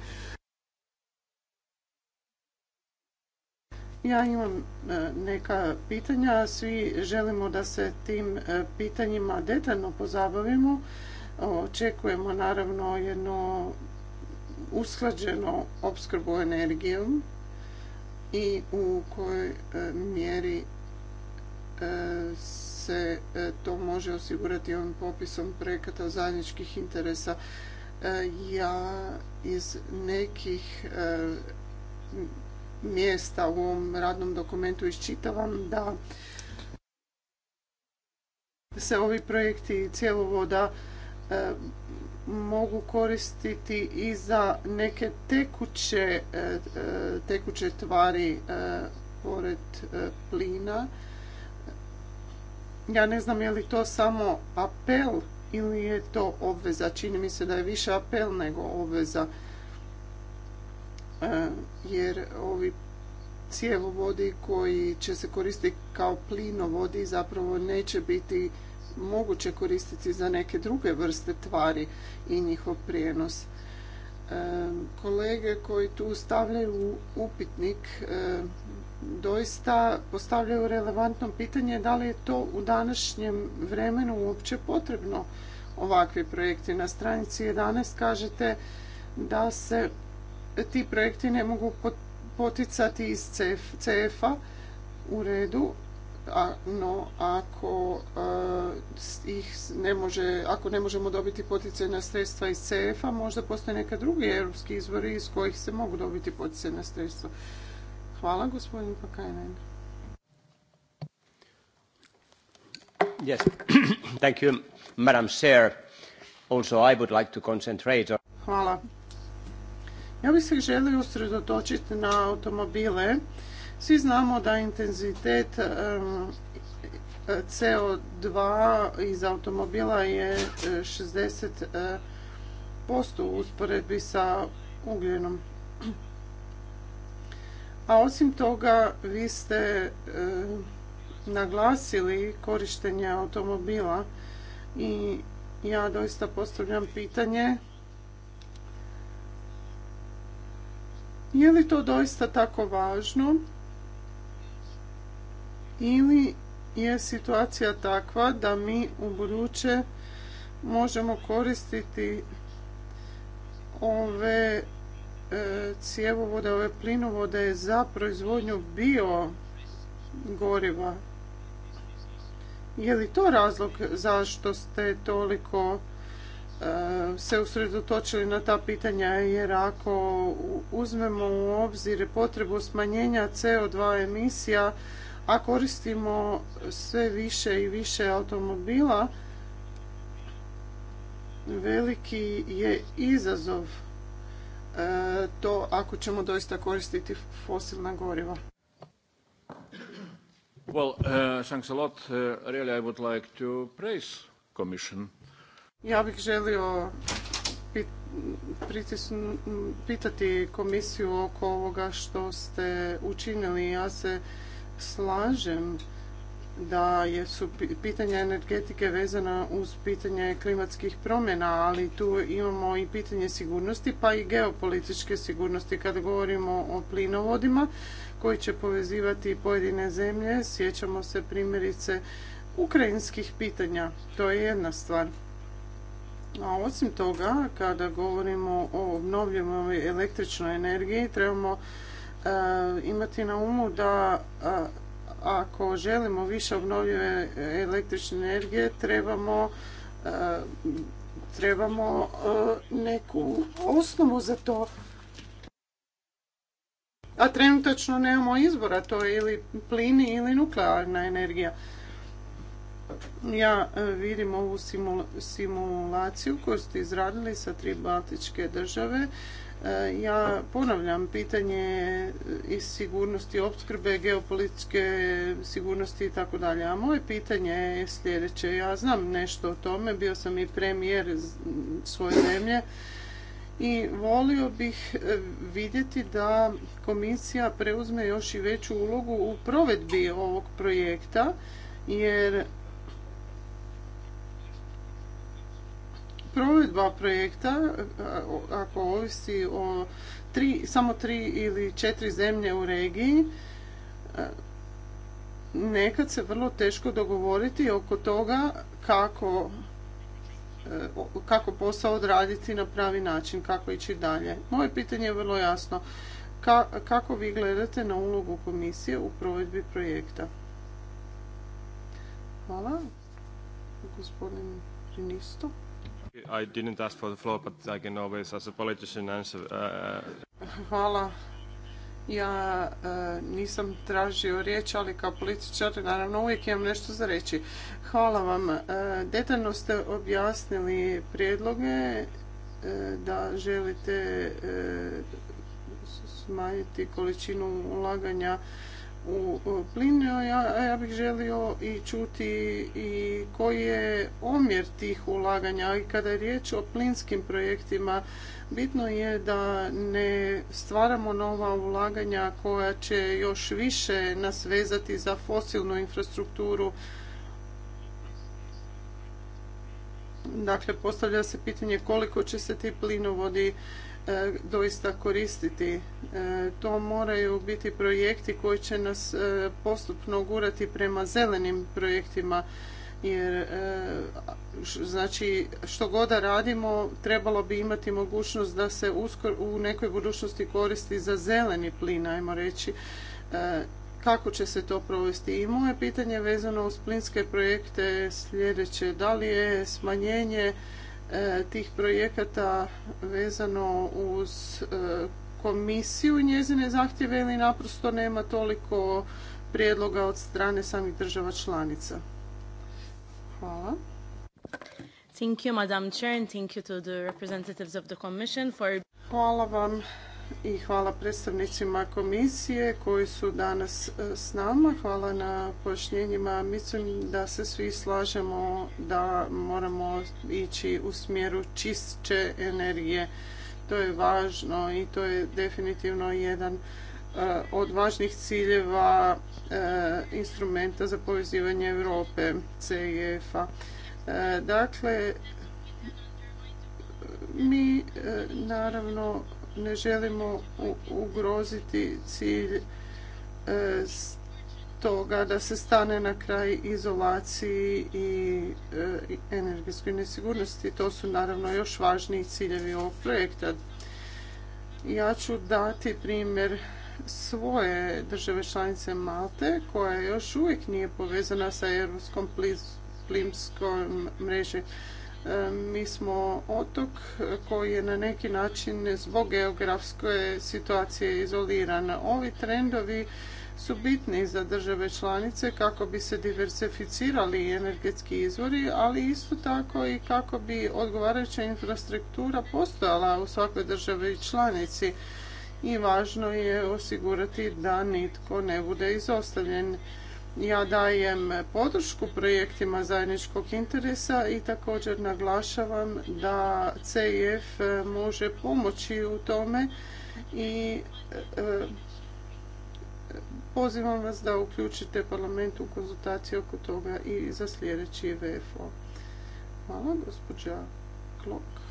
Ja imam e, neka pitanja, svi želimo da se tim pitanjima detaljno pozabavimo. Očekujemo naravno jedno usklađeno opskrbu energijom i u kojoj e, mjeri e, se e, to može osigurati ovim popisom projekata zajedničkih interesa. Ja iz nekih mjesta u ovom radnom dokumentu iščitavam da se ovi projekti cjevovoda mogu koristiti i za neke tekuće, e, e, tekuće tvari e, pored plina. Ja ne znam je li to samo apel ili je to obveza. Čini mi se da je više apel nego obveza. Jer ovi vodi koji će se koristiti kao plinovodi zapravo neće biti moguće koristiti za neke druge vrste tvari i njihov prijenos. Kolege koji tu stavljaju upitnik doista postavljaju relevantno pitanje da li je to u današnjem vremenu uopće potrebno ovakvi projekti. Na stranici 11 kažete da se ti projekti ne mogu poticati iz CF-a u redu, no ako e, ih ne može, ako ne možemo dobiti poticajna sredstva iz cef a možda postoje neka drugi europski izvori iz kojih se mogu dobiti poticajna sredstva. Hvala, gospodin Pakajnen. Yes, *coughs* thank you, Madam Chair. Also, I would like to concentrate on... Hvala. Ja bih se želio usredotočiti na automobile svi znamo da intenzitet e, CO2 iz automobila je 60% e, e, u usporedbi sa ugljenom. A osim toga, vi ste naglasili korištenje automobila i ja doista postavljam pitanje je li to doista tako važno ili je situacija takva da mi u buduće možemo koristiti ove e, cjevovode, ove plinovode za proizvodnju bio goriva. Je li to razlog zašto ste toliko e, se usredotočili na ta pitanja jer ako uzmemo u obzir potrebu smanjenja CO2 emisija a koristimo sve više i više automobila, veliki je izazov e, to ako ćemo doista koristiti fosilna goriva. Well, uh, thanks a uh, would like to praise Commission. Ja bih želio pit, pitati komisiju oko ovoga što ste učinili. Ja se slažem da je su pitanja energetike vezana uz pitanje klimatskih promjena, ali tu imamo i pitanje sigurnosti pa i geopolitičke sigurnosti Kad govorimo o plinovodima koji će povezivati pojedine zemlje. Sjećamo se primjerice ukrajinskih pitanja. To je jedna stvar. A osim toga, kada govorimo o obnovljivoj električnoj energiji, trebamo E, imati na umu da e, ako želimo više obnovljive električne energije trebamo e, trebamo neku osnovu za to. A trenutačno nemamo izbora, to je ili plini ili nuklearna energija. Ja vidim ovu simulaciju koju ste izradili sa tri baltičke države E, ja ponavljam pitanje iz sigurnosti opskrbe, geopolitičke sigurnosti i tako dalje. A moje pitanje je sljedeće. Ja znam nešto o tome, bio sam i premijer svoje zemlje i volio bih e, vidjeti da komisija preuzme još i veću ulogu u provedbi ovog projekta jer provedba projekta, e, ako ovisi o tri, samo tri ili četiri zemlje u regiji, e, nekad se vrlo teško dogovoriti oko toga kako e, kako posao odraditi na pravi način, kako ići dalje. Moje pitanje je vrlo jasno. kako vi gledate na ulogu komisije u provedbi projekta? Hvala. Gospodin Prinisto. I didn't ask for the floor, but uh, Hvala. Ja e, nisam tražio riječ, ali kao političar naravno uvijek imam nešto za reći. Hvala vam. E, detaljno ste objasnili prijedloge e, da želite smanjiti količinu ulaganja u plin, ja, ja bih želio i čuti i koji je omjer tih ulaganja i kada je riječ o plinskim projektima bitno je da ne stvaramo nova ulaganja koja će još više nas vezati za fosilnu infrastrukturu. Dakle, postavlja se pitanje koliko će se ti plinovodi E, doista koristiti. E, to moraju biti projekti koji će nas e, postupno gurati prema zelenim projektima jer znači što god da radimo trebalo bi imati mogućnost da se uskoro u nekoj budućnosti koristi za zeleni plin ajmo reći kako će se to provesti i moje pitanje vezano uz plinske projekte sljedeće da li je smanjenje E, tih projekata vezano uz e, komisiju i njezine zahtjeve ili naprosto nema toliko prijedloga od strane samih država članica? Hvala. Thank you, Madam Chair, thank you to the representatives of the Commission for... Hvala vam i hvala predstavnicima komisije koji su danas e, s nama. Hvala na pojašnjenjima. Mislim da se svi slažemo da moramo ići u smjeru čistče energije. To je važno i to je definitivno jedan e, od važnih ciljeva e, instrumenta za povezivanje Europe, CEF-a. Dakle, mi naravno ne želimo ugroziti cilj e, toga da se stane na kraj izolaciji e, i energetskoj nesigurnosti. To su naravno još važniji ciljevi ovog projekta. Ja ću dati primjer svoje države članice Malte koja još uvijek nije povezana sa europskom plinskom mrežom E, mi smo otok koji je na neki način zbog geografske situacije izoliran. Ovi trendovi su bitni za države članice kako bi se diversificirali energetski izvori, ali isto tako i kako bi odgovarajuća infrastruktura postojala u svakoj državi članici. I važno je osigurati da nitko ne bude izostavljen ja dajem podršku projektima zajedničkog interesa i također naglašavam da CIF e, može pomoći u tome i e, pozivam vas da uključite parlament u konzultaciju oko toga i za sljedeći VFO. Hvala, gospođa Klok.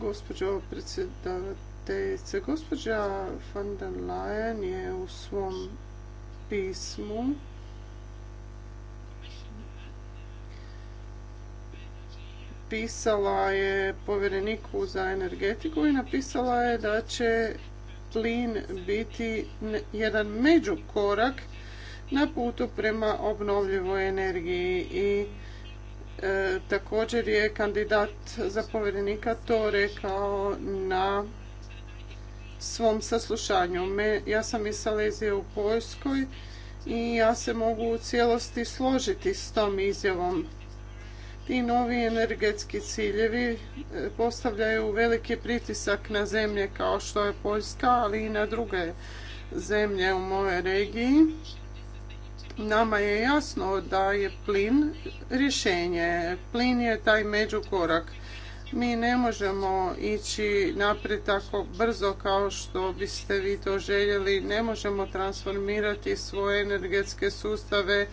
gospođo predsjedavateljice. Gospođa van der Leyen je u svom pismu pisala je povjereniku za energetiku i napisala je da će plin biti jedan međukorak na putu prema obnovljivoj energiji i E, također je kandidat za povjerenika to rekao na svom saslušanju. Ja sam iz Salezije u Poljskoj i ja se mogu u cijelosti složiti s tom izjavom. Ti novi energetski ciljevi e, postavljaju veliki pritisak na zemlje kao što je Poljska, ali i na druge zemlje u mojoj regiji Nama je jasno da je plin rješenje. Plin je taj međukorak. Mi ne možemo ići naprijed tako brzo kao što biste vi to željeli. Ne možemo transformirati svoje energetske sustave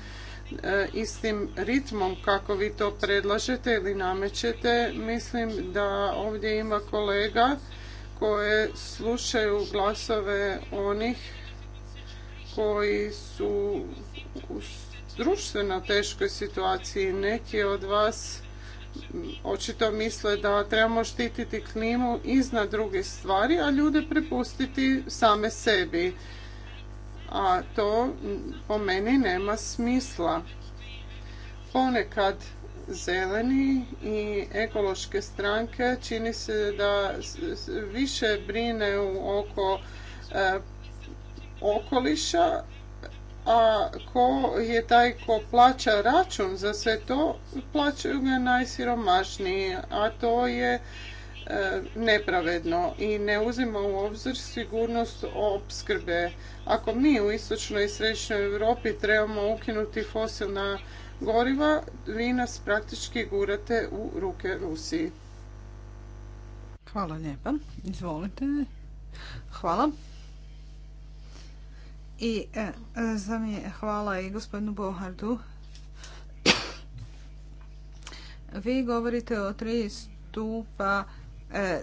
e, istim ritmom kako vi to predlažete ili namećete. Mislim da ovdje ima kolega koje slušaju glasove onih koji su u društveno teškoj situaciji. Neki od vas očito misle da trebamo štititi klimu iznad drugih stvari, a ljude prepustiti same sebi. A to po meni nema smisla. Ponekad zeleni i ekološke stranke čini se da više brine oko e, okoliša a ko je taj ko plaća račun za sve to, plaćaju ga najsiromašniji, a to je e, nepravedno i ne uzima u obzir sigurnost opskrbe. Ako mi u istočnoj i Srećnoj Europi trebamo ukinuti fosilna goriva, vi nas praktički gurate u ruke Rusiji. Hvala lijepa. Izvolite. Hvala. I e, e, hvala i gospodinu Bohardu. Vi govorite o tri stupa e,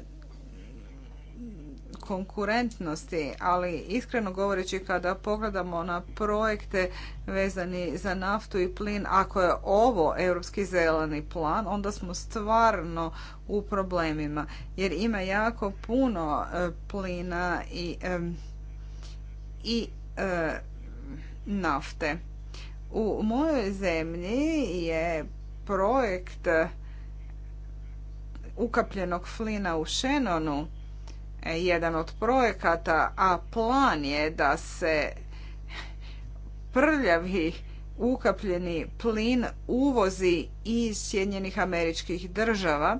konkurentnosti, ali iskreno govoreći kada pogledamo na projekte vezani za naftu i plin, ako je ovo europski zeleni plan, onda smo stvarno u problemima jer ima jako puno plina i i E, nafte. U mojoj zemlji je projekt ukapljenog flina u Šenonu e, jedan od projekata, a plan je da se prljavi ukapljeni plin uvozi iz Sjedinjenih američkih država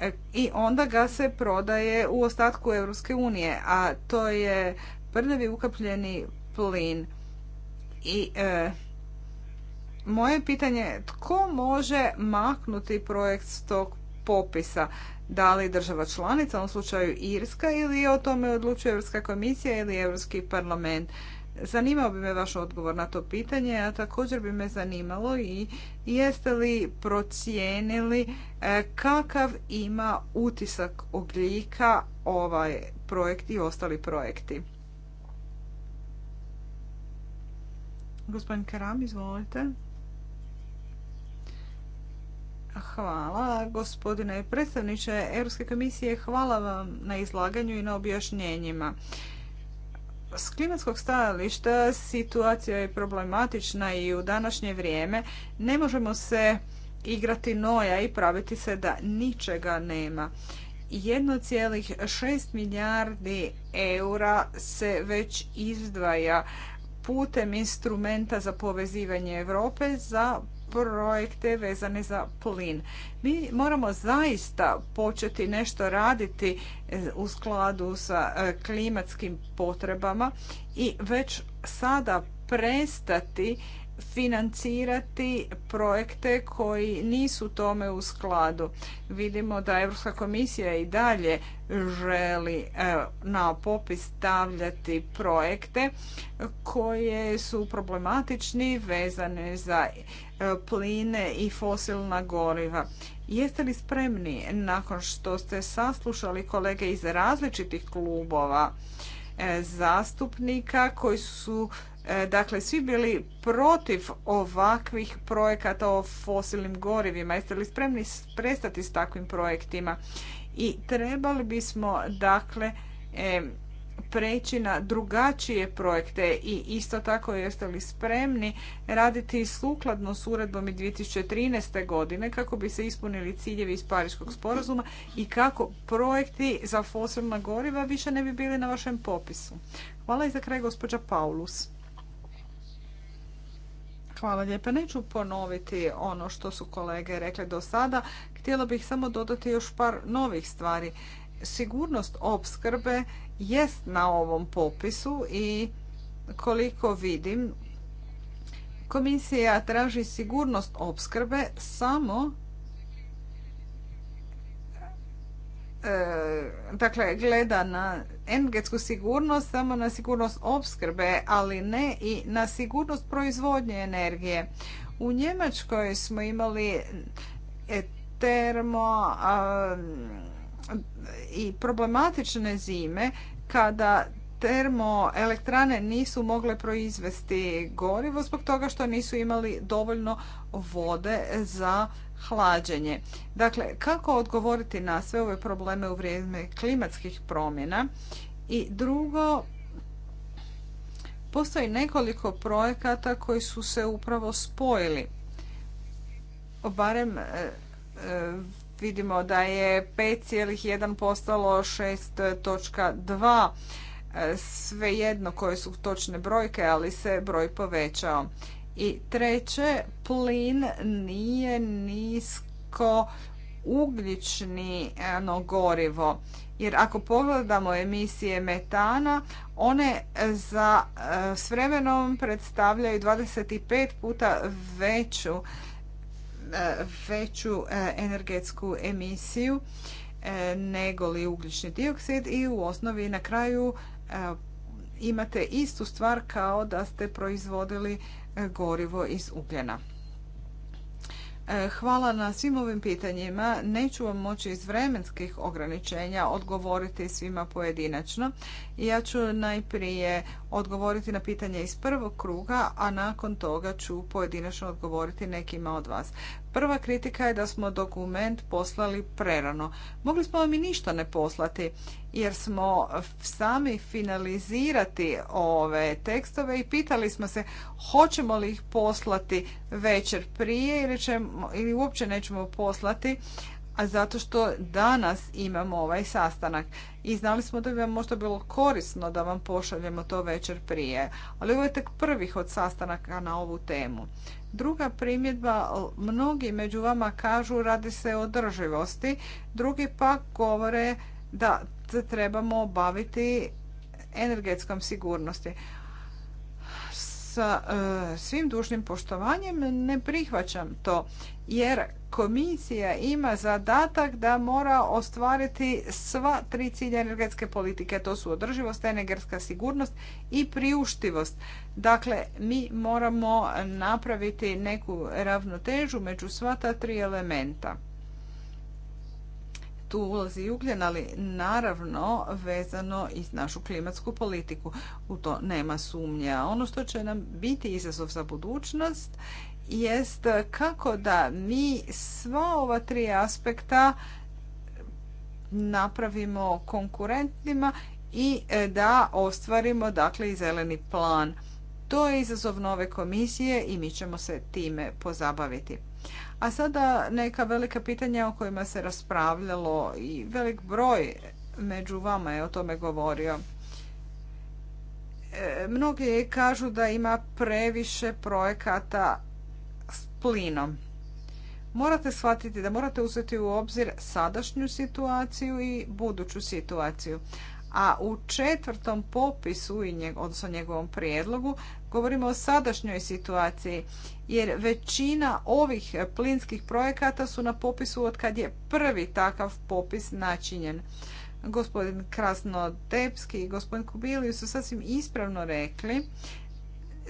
e, i onda ga se prodaje u ostatku Europske unije, a to je prljavi ukapljeni plin. I e, moje pitanje je tko može maknuti projekt s tog popisa? Da li država članica, u ovom slučaju Irska, ili o tome odlučuje Europska komisija ili Europski parlament? Zanimao bi me vaš odgovor na to pitanje, a također bi me zanimalo i jeste li procijenili e, kakav ima utisak ugljika ovaj projekt i ostali projekti. Gospodin izvolite. Hvala, gospodine predstavniče Europske komisije. Hvala vam na izlaganju i na objašnjenjima. S klimatskog stajališta situacija je problematična i u današnje vrijeme ne možemo se igrati noja i praviti se da ničega nema. 1,6 milijardi eura se već izdvaja putem instrumenta za povezivanje Europe za projekte vezane za plin. Mi moramo zaista početi nešto raditi e, u skladu sa e, klimatskim potrebama i već sada prestati financirati projekte koji nisu tome u skladu. Vidimo da Europska komisija i dalje želi e, na popis stavljati projekte koje su problematični vezane za e, pline i fosilna goriva. Jeste li spremni nakon što ste saslušali kolege iz različitih klubova e, zastupnika koji su E, dakle svi bili protiv ovakvih projekata o fosilnim gorivima. Jeste li spremni prestati s takvim projektima? I trebali bismo dakle e, preći na drugačije projekte i isto tako jeste li spremni raditi sukladno s uredbom iz 2013. godine kako bi se ispunili ciljevi iz Pariškog sporazuma i kako projekti za fosilna goriva više ne bi bili na vašem popisu. Hvala i za kraj gospođa Paulus. Hvala lijepa. Neću ponoviti ono što su kolege rekle do sada. Htjela bih samo dodati još par novih stvari. Sigurnost opskrbe jest na ovom popisu i koliko vidim, komisija traži sigurnost opskrbe samo e, dakle gleda na energetsku sigurnost samo na sigurnost opskrbe, ali ne i na sigurnost proizvodnje energije. U Njemačkoj smo imali e, termo i problematične zime kada termoelektrane nisu mogle proizvesti gorivo zbog toga što nisu imali dovoljno vode za hlađenje. Dakle, kako odgovoriti na sve ove probleme u vrijeme klimatskih promjena? I drugo, postoji nekoliko projekata koji su se upravo spojili. Barem e, e, vidimo da je 5,1 postalo 6.2 svejedno koje su točne brojke, ali se broj povećao. I treće, plin nije nisko ugljični gorivo. Jer ako pogledamo emisije metana, one za eh, s vremenom predstavljaju 25 puta veću eh, veću eh, energetsku emisiju nego li ugljični dioksid i u osnovi na kraju imate istu stvar kao da ste proizvodili e, gorivo iz ugljena. E, hvala na svim ovim pitanjima. Neću vam moći iz vremenskih ograničenja odgovoriti svima pojedinačno. Ja ću najprije odgovoriti na pitanje iz prvog kruga, a nakon toga ću pojedinačno odgovoriti nekima od vas. Prva kritika je da smo dokument poslali prerano. Mogli smo vam i ništa ne poslati jer smo sami finalizirati ove tekstove i pitali smo se hoćemo li ih poslati večer prije ili, ili uopće nećemo poslati, zato što danas imamo ovaj sastanak i znali smo da bi vam možda bilo korisno da vam pošaljemo to večer prije, ali ovo je tek prvih od sastanaka na ovu temu. Druga primjedba, mnogi među vama kažu radi se o drživosti, drugi pak govore da trebamo baviti energetskom sigurnosti sa e, svim dužnim poštovanjem ne prihvaćam to jer komisija ima zadatak da mora ostvariti sva tri cilja energetske politike. To su održivost, energetska sigurnost i priuštivost. Dakle, mi moramo napraviti neku ravnotežu među sva ta tri elementa tu ulazi i ugljen, ali naravno vezano i našu klimatsku politiku. U to nema A Ono što će nam biti izazov za budućnost jest kako da mi sva ova tri aspekta napravimo konkurentnima i e, da ostvarimo dakle i zeleni plan. To je izazov nove komisije i mi ćemo se time pozabaviti. A sada neka velika pitanja o kojima se raspravljalo i velik broj među vama je o tome govorio. E, mnogi kažu da ima previše projekata s plinom. Morate shvatiti da morate uzeti u obzir sadašnju situaciju i buduću situaciju a u četvrtom popisu, odnosno njegovom prijedlogu, govorimo o sadašnjoj situaciji, jer većina ovih plinskih projekata su na popisu od kad je prvi takav popis načinjen. Gospodin Krasnodepski i gospodin Kubiliju su sasvim ispravno rekli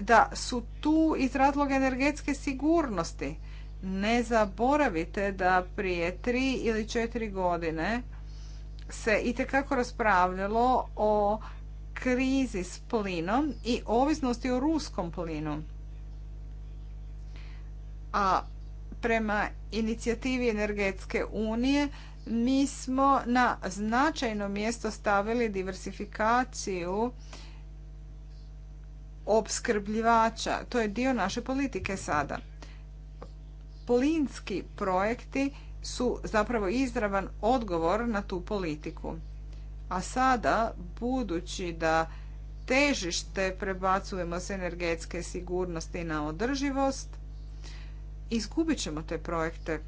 da su tu iz razloga energetske sigurnosti. Ne zaboravite da prije tri ili četiri godine se itekako raspravljalo o krizi s plinom i ovisnosti o ruskom plinu. A prema inicijativi energetske unije mi smo na značajno mjesto stavili diversifikaciju opskrbljivača. To je dio naše politike sada. Plinski projekti su zapravo izravan odgovor na tu politiku. A sada, budući da težište prebacujemo s energetske sigurnosti na održivost, izgubit ćemo te projekte.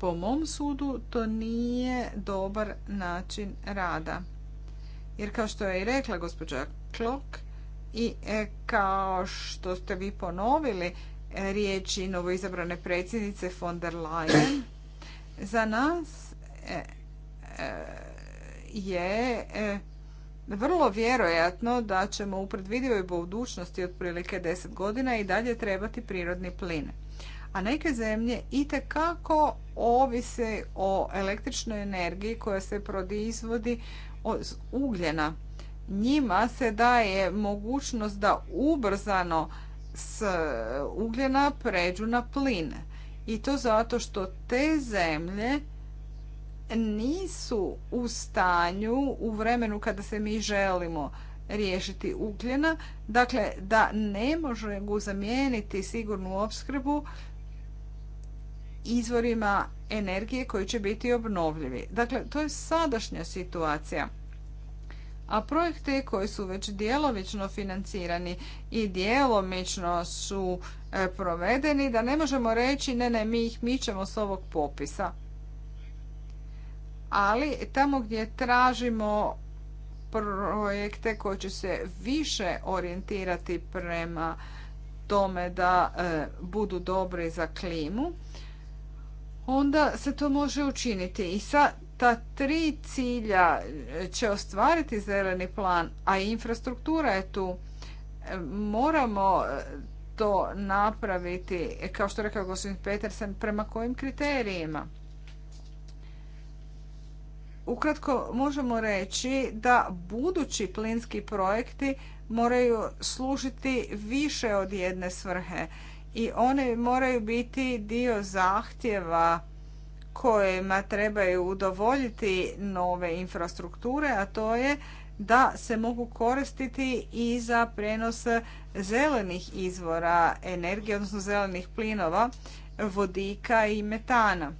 Po mom sudu to nije dobar način rada. Jer kao što je i rekla gospođa Klok i e, kao što ste vi ponovili, riječi novoizabrane predsjednice von der Leyen, za nas e, e, je e, vrlo vjerojatno da ćemo u predvidivoj budućnosti otprilike 10 godina i dalje trebati prirodni plin. A neke zemlje itekako ovise o električnoj energiji koja se proizvodi od ugljena. Njima se daje mogućnost da ubrzano s e, ugljena pređu na plin. I to zato što te zemlje nisu u stanju u vremenu kada se mi želimo riješiti ugljena, dakle da ne može ga zamijeniti sigurnu opskrbu izvorima energije koji će biti obnovljivi. Dakle, to je sadašnja situacija a projekte koji su već djelomično financirani i djelomično su e, provedeni, da ne možemo reći ne, ne, mi ih mičemo s ovog popisa. Ali tamo gdje tražimo projekte koji će se više orijentirati prema tome da e, budu dobri za klimu, onda se to može učiniti. I sa ta tri cilja e, će ostvariti zeleni plan, a infrastruktura je tu. E, moramo e, to napraviti, kao što rekao gospodin Petersen, prema kojim kriterijima? Ukratko možemo reći da budući plinski projekti moraju služiti više od jedne svrhe i one moraju biti dio zahtjeva kojima trebaju udovoljiti nove infrastrukture, a to je da se mogu koristiti i za prenos zelenih izvora energije, odnosno zelenih plinova, vodika i metana.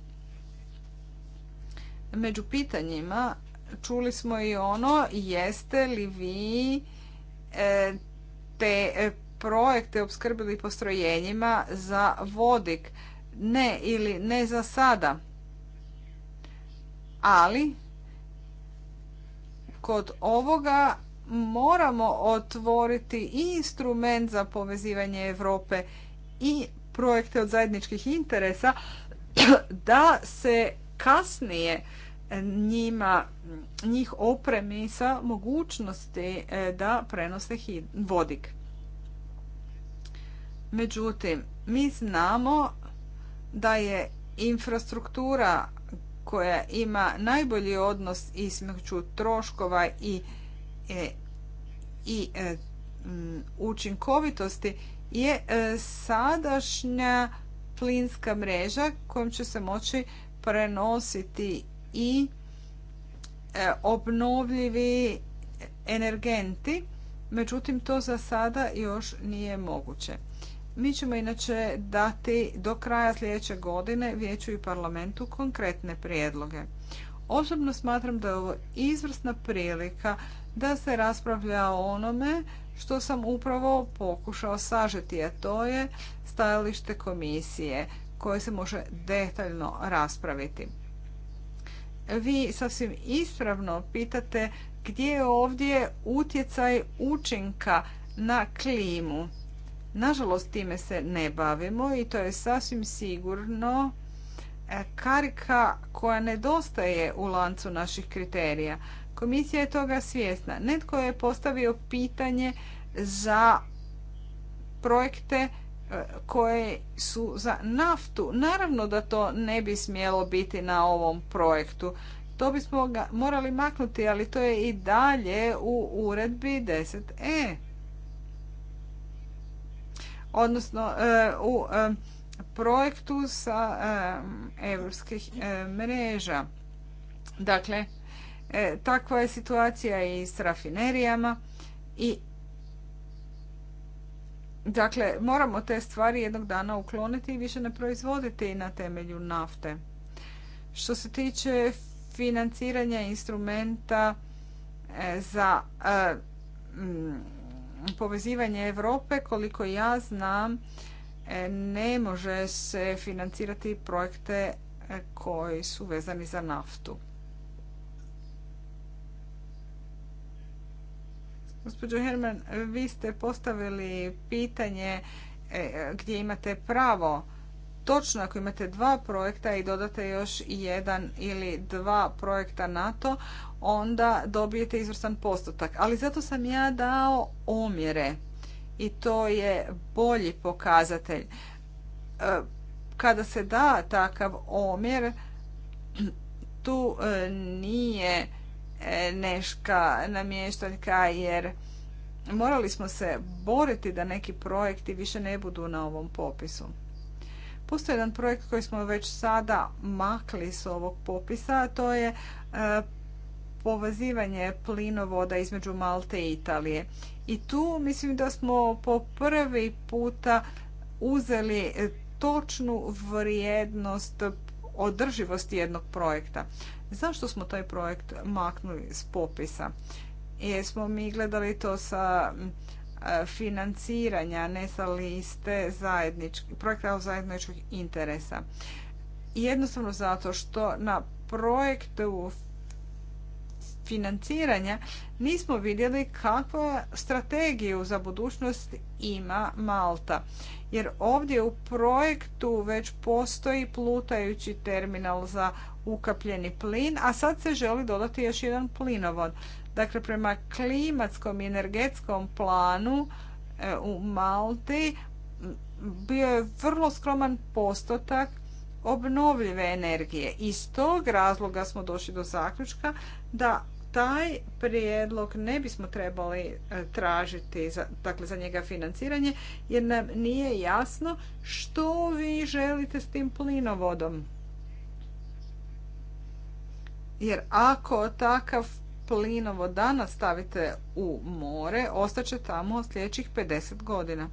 Među pitanjima čuli smo i ono jeste li vi e, te projekte opskrbili postrojenjima za vodik? Ne ili ne za sada ali kod ovoga moramo otvoriti i instrument za povezivanje Europe i projekte od zajedničkih interesa *clears throat* da se kasnije njima, njih opremi sa mogućnosti e, da prenose vodik. Međutim, mi znamo da je infrastruktura koja ima najbolji odnos između troškova i, e, i, e, učinkovitosti je e, sadašnja plinska mreža kojom će se moći prenositi i obnovljivi energenti, međutim to za sada još nije moguće. Mi ćemo inače dati do kraja sljedeće godine vijeću i parlamentu konkretne prijedloge. Osobno smatram da je ovo izvrsna prilika da se raspravlja o onome što sam upravo pokušao sažeti, a to je stajalište komisije koje se može detaljno raspraviti. Vi sasvim ispravno pitate gdje je ovdje utjecaj učinka na klimu. Nažalost, time se ne bavimo i to je sasvim sigurno e, karika koja nedostaje u lancu naših kriterija. Komisija je toga svjesna. Netko je postavio pitanje za projekte e, koje su za naftu. Naravno da to ne bi smjelo biti na ovom projektu. To bismo ga morali maknuti, ali to je i dalje u uredbi 10e odnosno e, u e, projektu sa europskih e, mreža. Dakle, takva je situacija i s rafinerijama i Dakle, moramo te stvari jednog dana ukloniti i više ne proizvoditi na temelju nafte. Što se tiče financiranja instrumenta za povezivanje Europe, koliko ja znam, e, ne može se financirati projekte e, koji su vezani za naftu. Gospođo Herman, vi ste postavili pitanje e, gdje imate pravo točno ako imate dva projekta i dodate još jedan ili dva projekta na to, onda dobijete izvrstan postotak. Ali zato sam ja dao omjere i to je bolji pokazatelj. E, kada se da takav omjer, *clears throat* tu e, nije e, neška namještaljka jer morali smo se boriti da neki projekti više ne budu na ovom popisu. Postoji jedan projekt koji smo već sada makli s ovog popisa, a to je e, povezivanje plinovoda između Malte i Italije. I tu mislim da smo po prvi puta uzeli e, točnu vrijednost održivosti jednog projekta. Zašto smo taj projekt maknuli s popisa? smo mi gledali to sa E, financiranja, ne sa liste projekta od zajedničkih interesa. Jednostavno zato što na projektu financiranja nismo vidjeli kakvu strategiju za budućnost ima Malta. Jer ovdje u projektu već postoji plutajući terminal za ukapljeni plin, a sad se želi dodati još jedan plinovod. Dakle, prema klimatskom i energetskom planu e, u Malti bio je vrlo skroman postotak obnovljive energije. Iz tog razloga smo došli do zaključka da taj prijedlog ne bismo trebali e, tražiti za, dakle, za njega financiranje jer nam nije jasno što vi želite s tim plinovodom. Jer ako takav plinovodana stavite u more, ostaće tamo sljedećih 50 godina.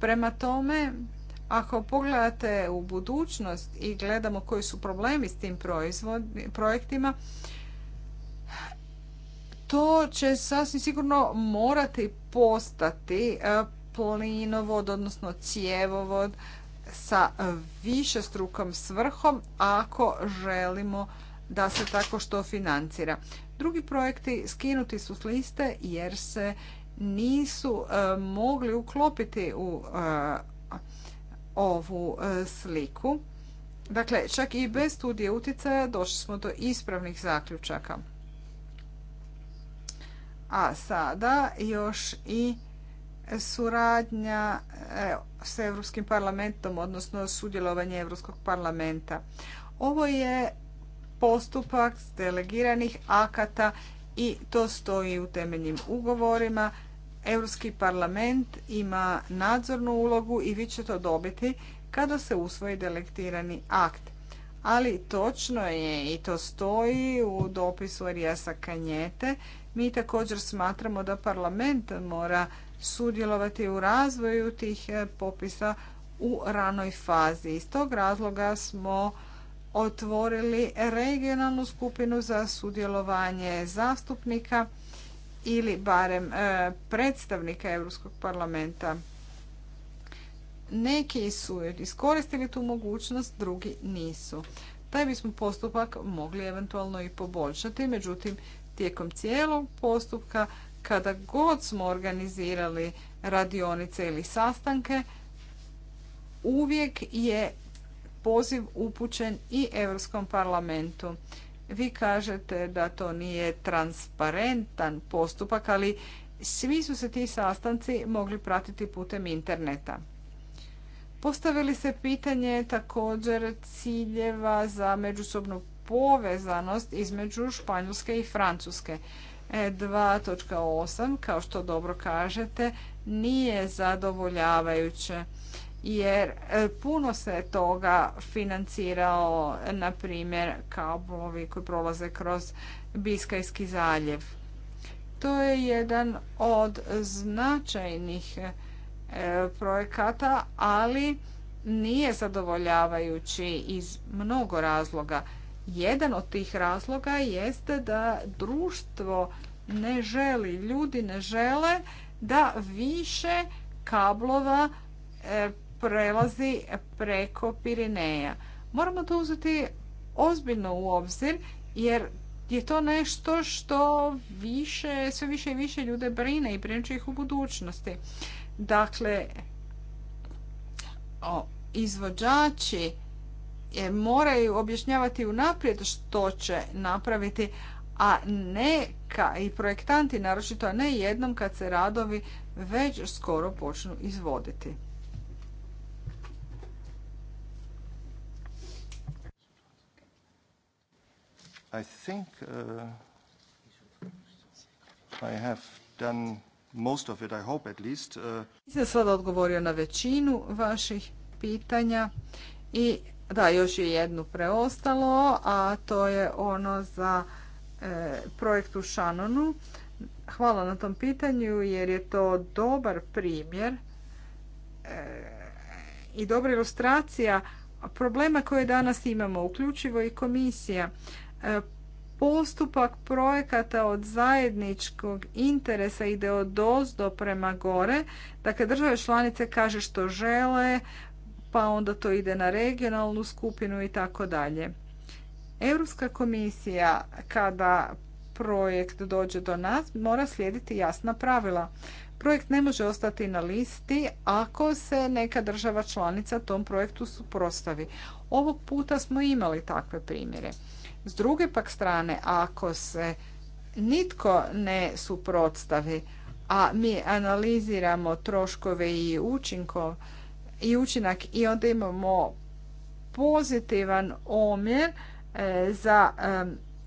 Prema tome, ako pogledate u budućnost i gledamo koji su problemi s tim projektima, to će sasvim sigurno morati postati e, plinovod, odnosno cjevovod sa više strukom svrhom ako želimo da se tako što financira. Drugi projekti skinuti su s liste jer se nisu e, mogli uklopiti u e, ovu e, sliku. Dakle, čak i bez studije utjecaja došli smo do ispravnih zaključaka. A sada još i suradnja s Europskim parlamentom, odnosno sudjelovanje Europskog parlamenta. Ovo je postupak delegiranih akata i to stoji u temeljnim ugovorima. Europski parlament ima nadzornu ulogu i vi ćete to dobiti kada se usvoji delegirani akt. Ali točno je i to stoji u dopisu Arijasa Kanjete. Mi također smatramo da parlament mora sudjelovati u razvoju tih popisa u ranoj fazi. Iz tog razloga smo otvorili regionalnu skupinu za sudjelovanje zastupnika ili barem e, predstavnika Europskog parlamenta. Neki su iskoristili tu mogućnost, drugi nisu. Taj bismo postupak mogli eventualno i poboljšati, međutim tijekom cijelog postupka kada god smo organizirali radionice ili sastanke, uvijek je poziv upućen i Europskom parlamentu. Vi kažete da to nije transparentan postupak, ali svi su se ti sastanci mogli pratiti putem interneta. Postavili se pitanje također ciljeva za međusobnu povezanost između Španjolske i Francuske. 2.8, e, kao što dobro kažete, nije zadovoljavajuće jer e, puno se toga financirao, na primjer, kablovi koji prolaze kroz Biskajski zaljev. To je jedan od značajnih e, projekata, ali nije zadovoljavajući iz mnogo razloga. Jedan od tih razloga jeste da društvo ne želi, ljudi ne žele da više kablova e, prelazi preko Pirineja. Moramo to uzeti ozbiljno u obzir jer je to nešto što više, sve više i više ljude brine i brinuće ih u budućnosti. Dakle, o, izvođači je, moraju objašnjavati unaprijed što će napraviti, a ne i projektanti naročito, a ne jednom kad se radovi već skoro počnu izvoditi. I think uh, I have done most of it, I hope at least. Mislim uh, sada odgovorio na većinu vaših pitanja i da, još je jednu preostalo, a to je ono za e, projekt u Šanonu. Hvala na tom pitanju jer je to dobar primjer e, i dobra ilustracija problema koje danas imamo, uključivo i komisija postupak projekata od zajedničkog interesa ide od dozdo prema gore. Dakle, države članice kaže što žele, pa onda to ide na regionalnu skupinu i tako dalje. Europska komisija kada projekt dođe do nas mora slijediti jasna pravila. Projekt ne može ostati na listi ako se neka država članica tom projektu suprotstavi. Ovog puta smo imali takve primjere. S druge pak strane, ako se nitko ne suprotstavi, a mi analiziramo troškove i učinko i učinak i onda imamo pozitivan omjer e, za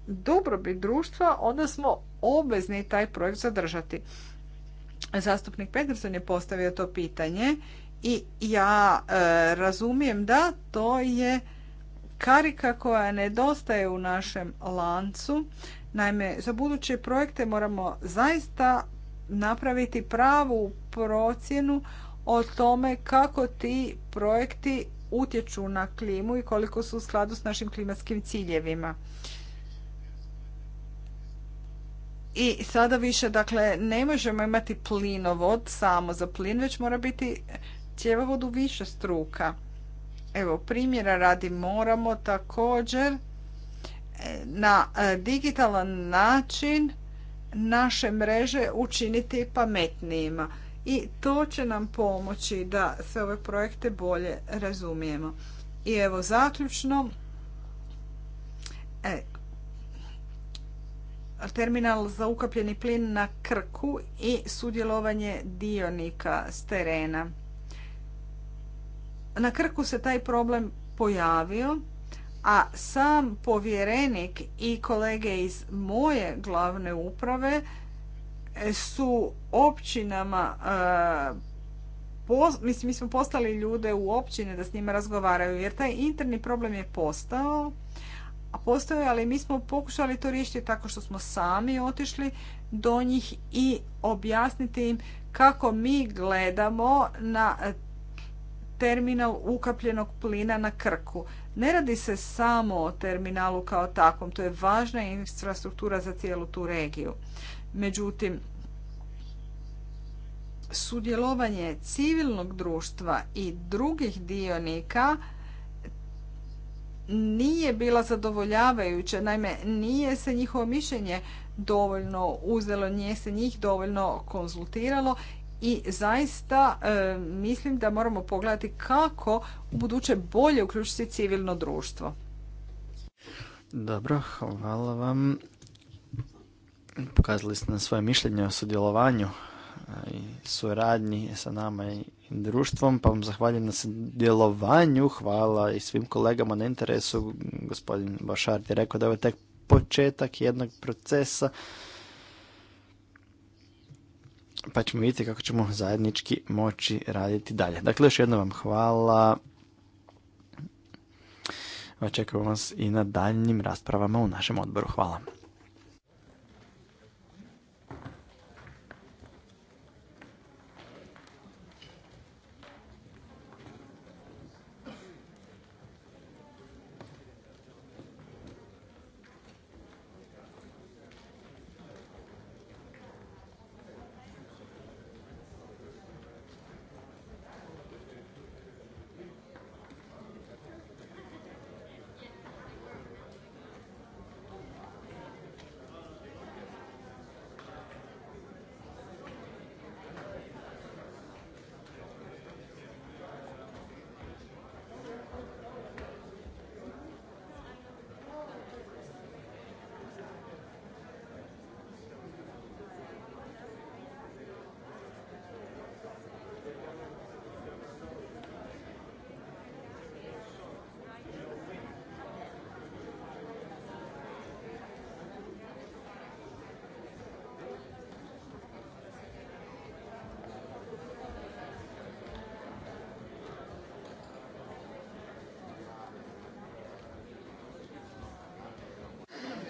dobrobit društva, onda smo obvezni taj projekt zadržati. Zastupnik Peterson je postavio to pitanje i ja e, razumijem da to je karika koja nedostaje u našem lancu. Naime, za buduće projekte moramo zaista napraviti pravu procjenu o tome kako ti projekti utječu na klimu i koliko su u skladu s našim klimatskim ciljevima. I sada više, dakle, ne možemo imati plinovod samo za plin, već mora biti cjevovod u više struka. Evo, primjera radi moramo također e, na e, digitalan način naše mreže učiniti pametnijima. I to će nam pomoći da se ove projekte bolje razumijemo. I evo zaključno, e, terminal za ukapljeni plin na Krku i sudjelovanje dionika s terena na Krku se taj problem pojavio, a sam povjerenik i kolege iz moje glavne uprave su općinama e, mislim, mi smo postali ljude u općine da s njima razgovaraju, jer taj interni problem je postao, a postao je, ali mi smo pokušali to riješiti tako što smo sami otišli do njih i objasniti im kako mi gledamo na terminal ukapljenog plina na Krku. Ne radi se samo o terminalu kao takvom, to je važna infrastruktura za cijelu tu regiju. Međutim, sudjelovanje civilnog društva i drugih dionika nije bila zadovoljavajuća, naime nije se njihovo mišljenje dovoljno uzelo, nije se njih dovoljno konzultiralo i zaista e, mislim da moramo pogledati kako u buduće bolje uključiti civilno društvo. Dobro, hvala vam. Pokazali ste nam svoje mišljenje o sudjelovanju e, i suradnji sa nama i društvom, pa vam zahvaljujem na sudjelovanju, hvala i svim kolegama na interesu. Gospodin Bašart je rekao da je tek početak jednog procesa pa ćemo vidjeti kako ćemo zajednički moći raditi dalje. Dakle, još jedno vam hvala. Očekujemo pa vas i na daljnjim raspravama u našem odboru. Hvala.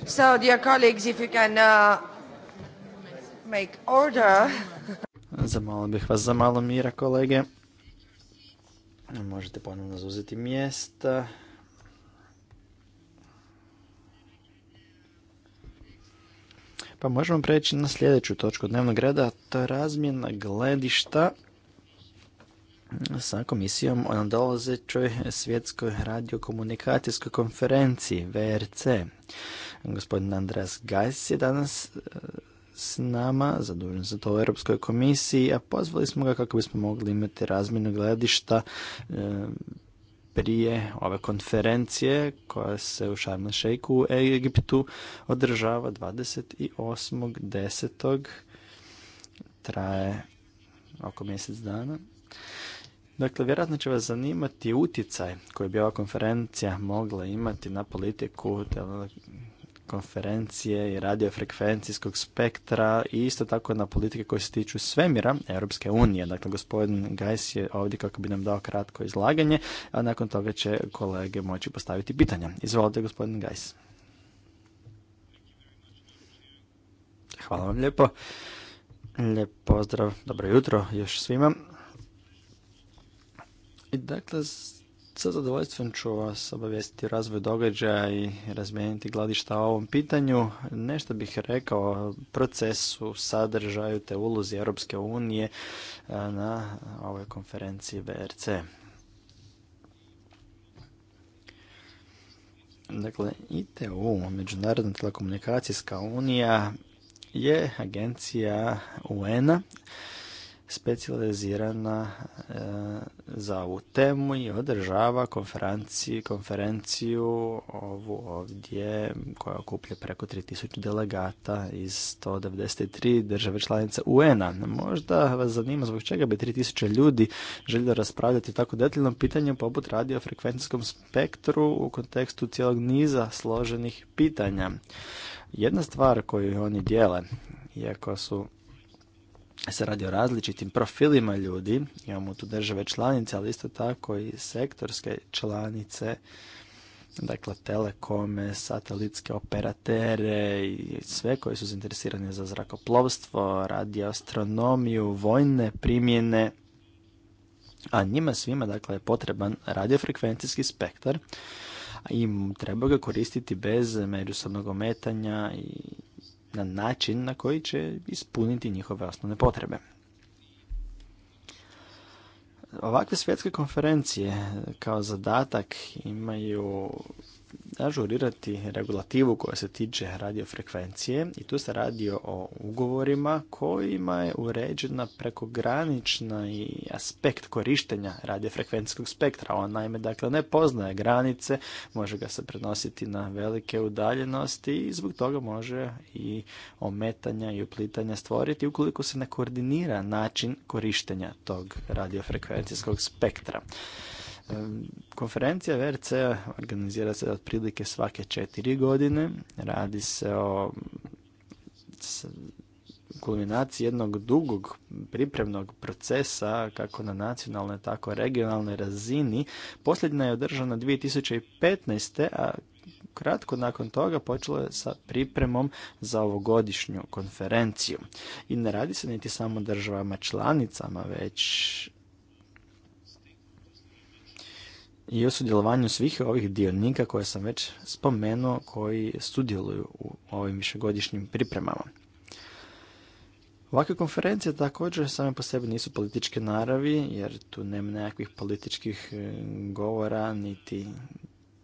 So, dear colleagues, if you can uh, make order. Zamalo bih vas za malo mira, kolege. Možete ponovno zauzeti mjesta. Pa možemo preći na sljedeću točku dnevnog reda, to je razmjena gledišta sa komisijom o nadolazećoj svjetskoj radiokomunikacijskoj konferenciji VRC. Gospodin Andreas Gajs je danas e, s nama, zadužen za to u Europskoj komisiji, a pozvali smo ga kako bismo mogli imati razmjenu gledišta e, prije ove konferencije koja se u Sharm el u Egiptu održava 28.10. Traje oko mjesec dana. Dakle, vjerojatno će vas zanimati utjecaj koji bi ova konferencija mogla imati na politiku konferencije i radiofrekvencijskog spektra i isto tako na politike koje se tiču svemira Europske unije. Dakle, gospodin Gajs je ovdje kako bi nam dao kratko izlaganje, a nakon toga će kolege moći postaviti pitanja. Izvolite, gospodin Gajs. Hvala vam lijepo. Lijep pozdrav, dobro jutro još svima. I dakle, sa zadovoljstvom ću vas obavijestiti razvoj događaja i razmijeniti gladišta o ovom pitanju. Nešto bih rekao o procesu, sadržaju te ulozi Europske unije e, na ovoj konferenciji BRC. Dakle, ITU, Međunarodna telekomunikacijska unija, je agencija UN-a specijalizirana eh, za ovu temu i održava konferenciju ovu ovdje koja okuplja preko 3000 delegata iz 193 države članice UN-a. Možda vas zanima zbog čega bi 3000 ljudi željelo raspravljati tako detaljnom pitanju poput radiofrekvencijskom spektru u kontekstu cijelog niza složenih pitanja. Jedna stvar koju oni dijele, iako su se radi o različitim profilima ljudi, imamo tu države članice, ali isto tako i sektorske članice, dakle telekome, satelitske operatere i sve koji su zainteresirani za zrakoplovstvo, radioastronomiju, vojne primjene, a njima svima dakle je potreban radiofrekvencijski spektar i treba ga koristiti bez međusobnog ometanja i na način na koji će ispuniti njihove osnovne potrebe. Ovakve svjetske konferencije kao zadatak imaju ažurirati regulativu koja se tiče radiofrekvencije i tu se radi o ugovorima kojima je uređena prekogranična i aspekt korištenja radiofrekvencijskog spektra. On naime dakle ne poznaje granice, može ga se prenositi na velike udaljenosti i zbog toga može i ometanja i uplitanja stvoriti ukoliko se ne koordinira način korištenja tog radiofrekvencijskog spektra. Konferencija VRC organizira se otprilike svake četiri godine. Radi se o kulminaciji jednog dugog pripremnog procesa kako na nacionalnoj tako regionalnoj razini. Posljednja je održana 2015. a kratko nakon toga počelo je sa pripremom za ovogodišnju konferenciju. I ne radi se niti samo državama članicama, već i o sudjelovanju svih ovih dionika koje sam već spomenuo koji sudjeluju u ovim višegodišnjim pripremama. Ovakve konferencije također same po sebi nisu političke naravi, jer tu nema nekakvih političkih e, govora, niti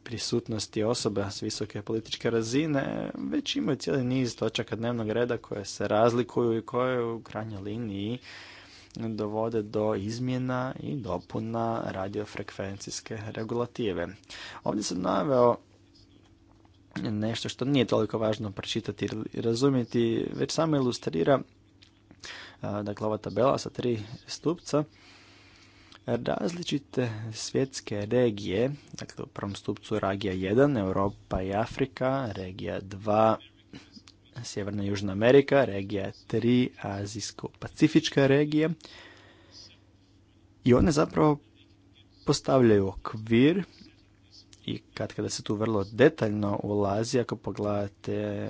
prisutnosti osoba s visoke političke razine, već imaju cijeli niz točaka dnevnog reda koje se razlikuju i koje u krajnjoj liniji dovode do izmjena i dopuna radiofrekvencijske regulative. Ovdje sam naveo nešto što nije toliko važno pročitati i razumjeti, već samo ilustrira dakle ova tabela sa tri stupca različite svjetske regije, dakle u prvom stupcu regija 1, Europa i Afrika, regija 2, Sjeverna i Južna Amerika, regija 3, Azijsko-Pacifička regija. I one zapravo postavljaju okvir i kad kada se tu vrlo detaljno ulazi, ako pogledate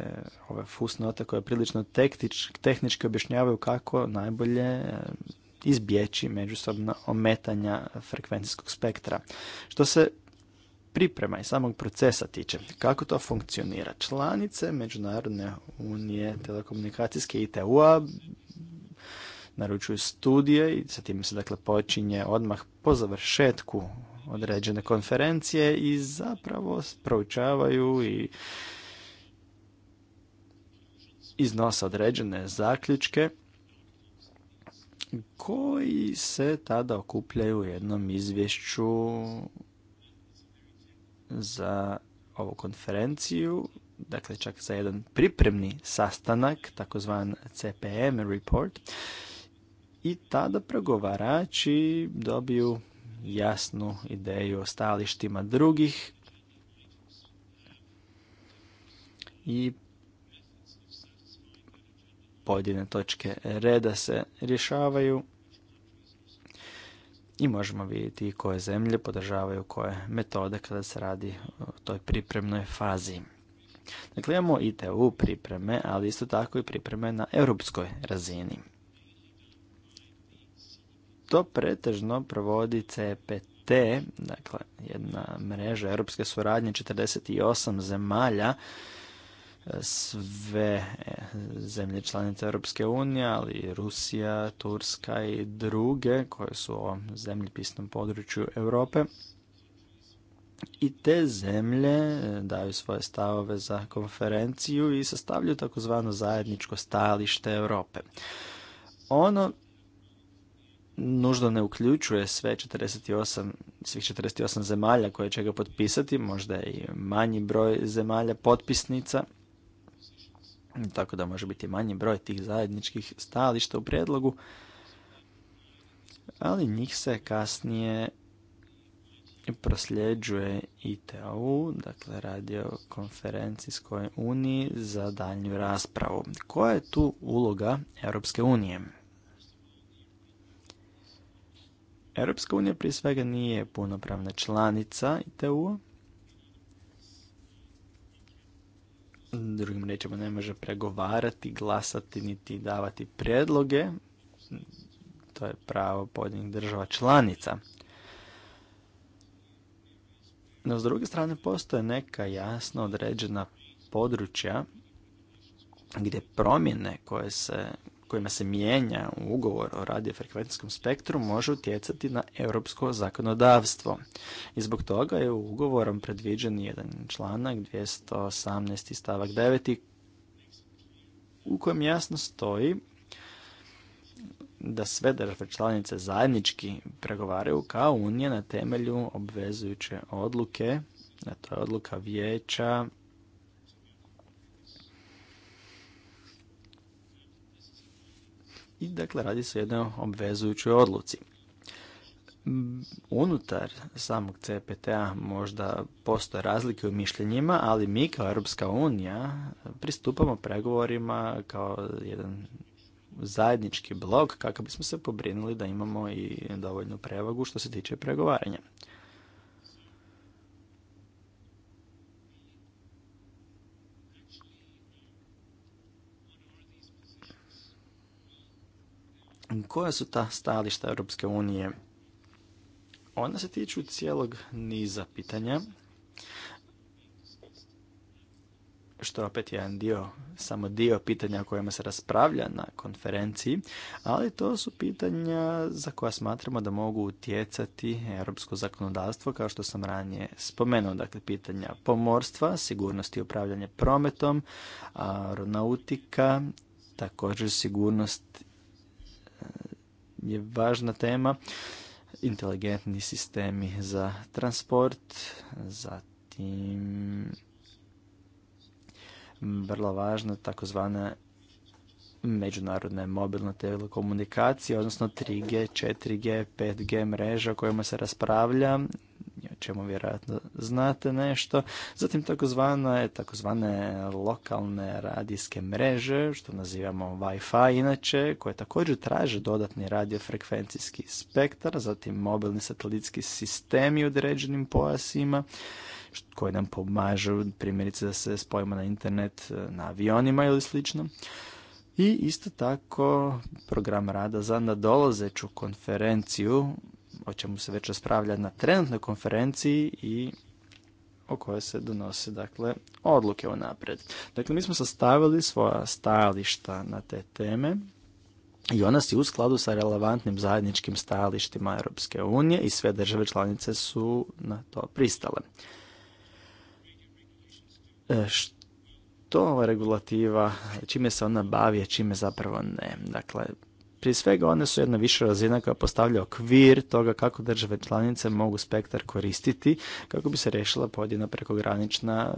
ove fusnote koje prilično tektič, tehnički objašnjavaju kako najbolje e, izbjeći međusobna ometanja frekvencijskog spektra. Što se priprema i samog procesa tiče, kako to funkcionira? Članice Međunarodne unije telekomunikacijske ITU-a naručuju studije i sa time se dakle počinje odmah po završetku određene konferencije i zapravo proučavaju i iznose određene zaključke koji se tada okupljaju u jednom izvješću za ovu konferenciju, dakle čak za jedan pripremni sastanak, takozvan CPM report, i tada pregovarači dobiju jasnu ideju o stalištima drugih i pojedine točke reda se rješavaju i možemo vidjeti koje zemlje podržavaju koje metode kada se radi o toj pripremnoj fazi. Dakle, imamo ITU pripreme, ali isto tako i pripreme na europskoj razini. To pretežno provodi CPT, dakle jedna mreža europske suradnje 48 zemalja sve e, zemlje članice Europske unije, ali Rusija, Turska i druge koje su u ovom zemljopisnom području Europe. I te zemlje e, daju svoje stavove za konferenciju i sastavljaju takozvano zajedničko stajalište Europe. Ono nužno ne uključuje sve 48, svih 48 zemalja koje će ga potpisati, možda i manji broj zemalja potpisnica – tako da može biti manji broj tih zajedničkih stajališta u prijedlogu, ali njih se kasnije prosljeđuje ITU, dakle radio konferencijskoj uniji za daljnju raspravu. Koja je tu uloga Europske unije? Europska unija prije svega nije punopravna članica ITU, Drugim rečima, ne može pregovarati, glasati niti davati predloge. To je pravo pojedinih država članica. No, s druge strane, postoje neka jasno određena područja gdje promjene koje se kojima se mijenja ugovor o radiofrekvencijskom spektru može utjecati na europsko zakonodavstvo. I zbog toga je ugovorom predviđen jedan članak 218. stavak 9. u kojem jasno stoji da sve države članice zajednički pregovaraju kao unija na temelju obvezujuće odluke, a to je odluka vijeća i dakle radi se o jednoj obvezujućoj odluci. Unutar samog cpt možda postoje razlike u mišljenjima, ali mi kao Europska unija pristupamo pregovorima kao jedan zajednički blok kako bismo se pobrinuli da imamo i dovoljnu prevagu što se tiče pregovaranja. Koja su ta stajališta Europske unije? Ona se tiču cijelog niza pitanja, što je opet je dio, samo dio pitanja o kojima se raspravlja na konferenciji, ali to su pitanja za koja smatramo da mogu utjecati europsko zakonodavstvo, kao što sam ranije spomenuo, dakle pitanja pomorstva, sigurnosti i upravljanje prometom, aeronautika, također sigurnost je važna tema. Inteligentni sistemi za transport, zatim vrlo važna takozvana međunarodne mobilne telekomunikacije, odnosno 3G, 4G, 5G mreža o kojima se raspravlja o čemu vjerojatno znate nešto. Zatim takozvane, takozvane lokalne radijske mreže, što nazivamo Wi-Fi inače, koje također traže dodatni radiofrekvencijski spektar, zatim mobilni satelitski sistemi u određenim pojasima, koji nam pomažu primjerice da se spojimo na internet e, na avionima ili slično. I isto tako program rada za nadolazeću konferenciju o čemu se već raspravlja na trenutnoj konferenciji i o kojoj se donose dakle, odluke napred. Dakle, mi smo sastavili svoja stajališta na te teme i ona si u skladu sa relevantnim zajedničkim stajalištima Europske unije i sve države članice su na to pristale. E, što ova regulativa, čime se ona bavi, a čime zapravo ne. Dakle, prije svega one su jedna više razina koja postavlja okvir toga kako države članice mogu spektar koristiti kako bi se rešila pojedina prekogranična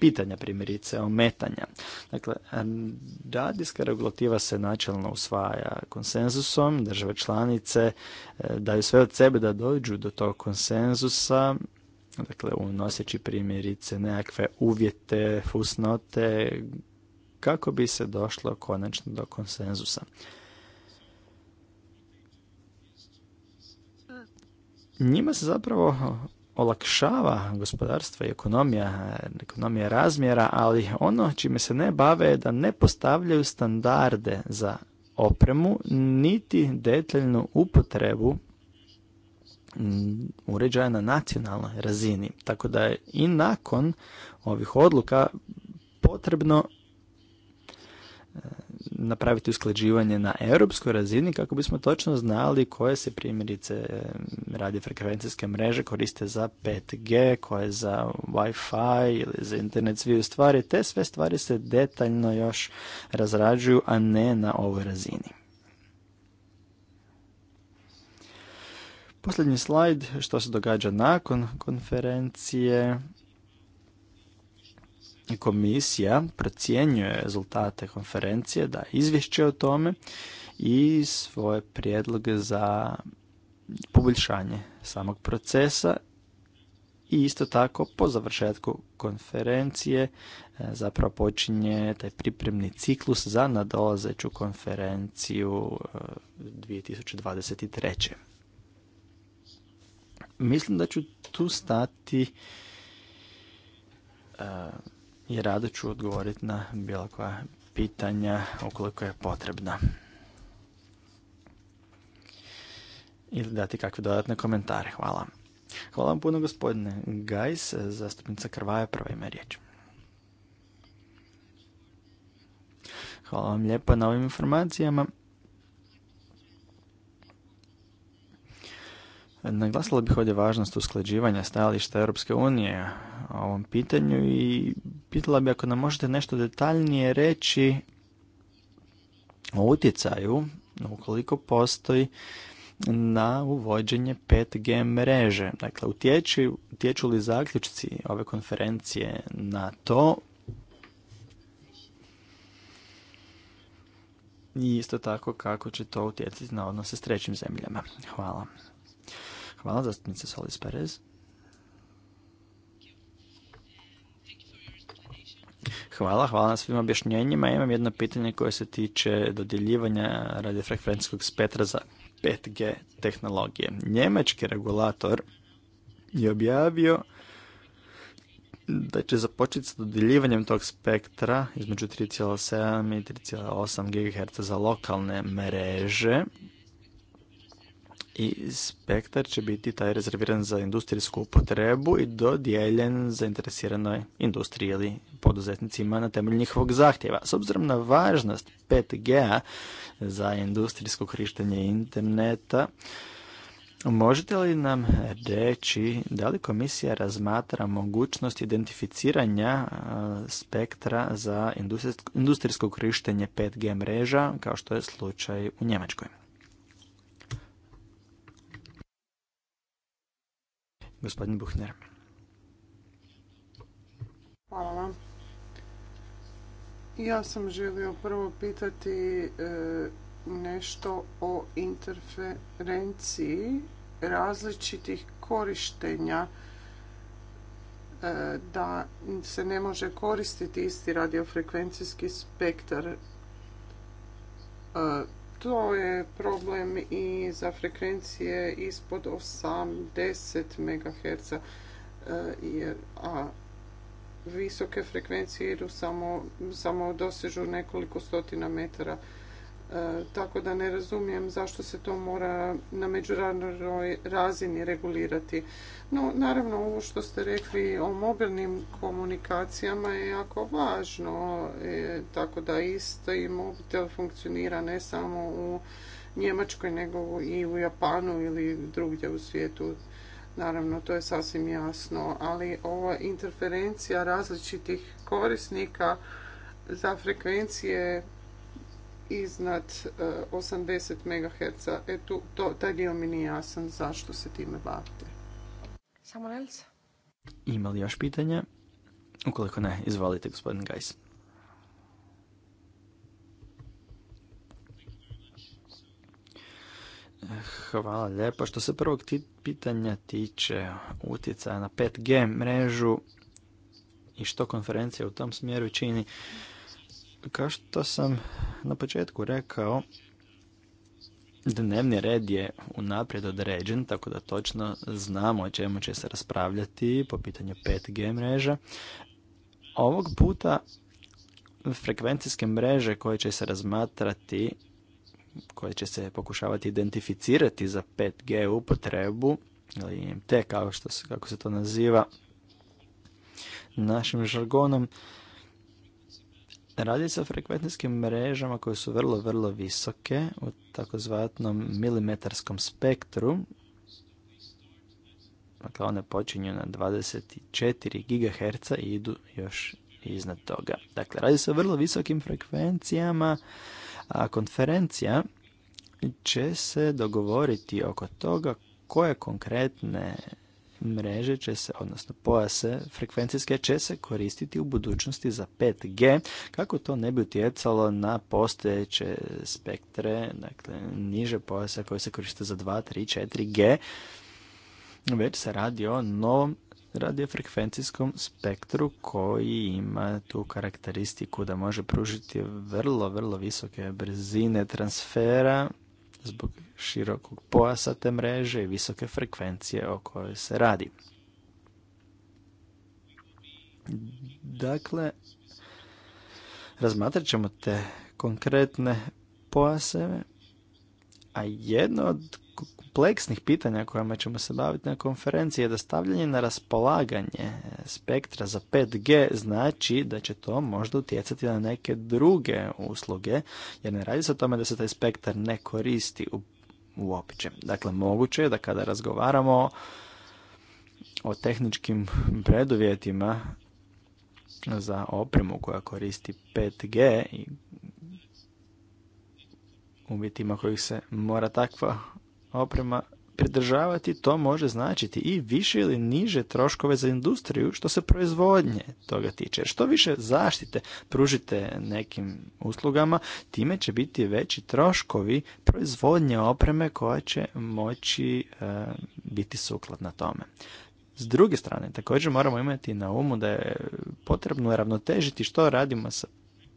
pitanja, primjerice ometanja. Dakle, radijska regulativa se načelno usvaja konsenzusom, države članice e, daju sve od sebe da dođu do tog konsenzusa, dakle, unoseći primjerice nekakve uvjete, fusnote, kako bi se došlo konačno do konsenzusa. njima se zapravo olakšava gospodarstvo i ekonomija, ekonomija razmjera, ali ono čime se ne bave je da ne postavljaju standarde za opremu, niti detaljnu upotrebu uređaja na nacionalnoj razini. Tako da je i nakon ovih odluka potrebno napraviti usklađivanje na europskoj razini kako bismo točno znali koje se primjerice radiofrekvencijske mreže koriste za 5G, koje za Wi-Fi ili za internet stvari. Te sve stvari se detaljno još razrađuju, a ne na ovoj razini. Posljednji slajd, što se događa nakon konferencije komisija procjenjuje rezultate konferencije, da izvješće o tome i svoje prijedloge za poboljšanje samog procesa i isto tako po završetku konferencije e, zapravo počinje taj pripremni ciklus za nadolazeću konferenciju 2023. E, Mislim da ću tu stati e, i rado ću odgovoriti na bilo koja pitanja ukoliko je potrebna. Ili dati kakve dodatne komentare. Hvala. Hvala vam puno gospodine Gajs, zastupnica Krvaja, prva ima riječ. Hvala vam lijepa na ovim informacijama. Naglasila bih ovdje važnost usklađivanja stajališta Europske unije o ovom pitanju i pitala bih ako nam možete nešto detaljnije reći o utjecaju, ukoliko postoji, na uvođenje 5G mreže. Dakle, utječu, utječu li zaključci ove konferencije na to? I isto tako kako će to utjecati na odnose s trećim zemljama. Hvala. Hvala, zastupnice Solis Perez. Hvala, hvala na svim objašnjenjima. imam jedno pitanje koje se tiče dodjeljivanja radiofrekvencijskog spektra za 5G tehnologije. Njemački regulator je objavio da će započeti s dodjeljivanjem tog spektra između 3,7 i 3,8 GHz za lokalne mreže i spektar će biti taj rezerviran za industrijsku potrebu i dodijeljen zainteresiranoj industriji ili poduzetnicima na temelju njihovog zahtjeva. S obzirom na važnost 5G za industrijsko korištenje interneta, Možete li nam reći da li komisija razmatra mogućnost identificiranja spektra za industrijsko krištenje 5G mreža kao što je slučaj u Njemačkoj? Gospodin Buhner. Hvala vam. Ja sam želio prvo pitati e, nešto o interferenciji različitih korištenja e, da se ne može koristiti isti radiofrekvencijski spektar e, to je problem i za frekvencije ispod 80 MHz, e, jer, a visoke frekvencije idu samo, samo dosežu nekoliko stotina metara tako da ne razumijem zašto se to mora na međunarodnoj razini regulirati. No, naravno, ovo što ste rekli o mobilnim komunikacijama je jako važno, e, tako da isto i mobitel funkcionira ne samo u Njemačkoj, nego i u Japanu ili drugdje u svijetu. Naravno, to je sasvim jasno, ali ova interferencija različitih korisnika za frekvencije iznad 80 MHz. E, e to, taj dio mi nije jasan zašto se time bavite. Samo Ima li još pitanja? Ukoliko ne, izvolite gospodin Gajs. Hvala lijepo. Što se prvog pitanja tiče utjecaja na 5G mrežu i što konferencija u tom smjeru čini, kao što sam na početku rekao, dnevni red je unaprijed određen, tako da točno znamo o čemu će se raspravljati po pitanju 5G mreža. Ovog puta frekvencijske mreže koje će se razmatrati, koje će se pokušavati identificirati za 5G upotrebu, ili te kao što se, kako se to naziva našim žargonom, Radi se o frekvencijskim mrežama koje su vrlo, vrlo visoke u takozvatnom milimetarskom spektru. Dakle, one počinju na 24 GHz i idu još iznad toga. Dakle, radi se o vrlo visokim frekvencijama, a konferencija će se dogovoriti oko toga koje konkretne mreže će se, odnosno pojase frekvencijske će se koristiti u budućnosti za 5G kako to ne bi utjecalo na postojeće spektre, dakle niže pojase koje se koriste za 2, 3, 4G, već se radi o novom radiofrekvencijskom spektru koji ima tu karakteristiku da može pružiti vrlo, vrlo visoke brzine transfera zbog širokog pojasa te mreže i visoke frekvencije o kojoj se radi. Dakle, razmatrat ćemo te konkretne pojaseve, a jedno od kompleksnih pitanja kojima ćemo se baviti na konferenciji je da stavljanje na raspolaganje spektra za 5G znači da će to možda utjecati na neke druge usluge, jer ne radi se o tome da se taj spektar ne koristi uopće. Dakle, moguće je da kada razgovaramo o tehničkim preduvjetima za opremu koja koristi 5G i uvjetima kojih se mora takva oprema pridržavati, to može značiti i više ili niže troškove za industriju što se proizvodnje toga tiče. Što više zaštite pružite nekim uslugama, time će biti veći troškovi proizvodnje opreme koja će moći e, biti sukladna tome. S druge strane, također moramo imati na umu da je potrebno ravnotežiti što radimo sa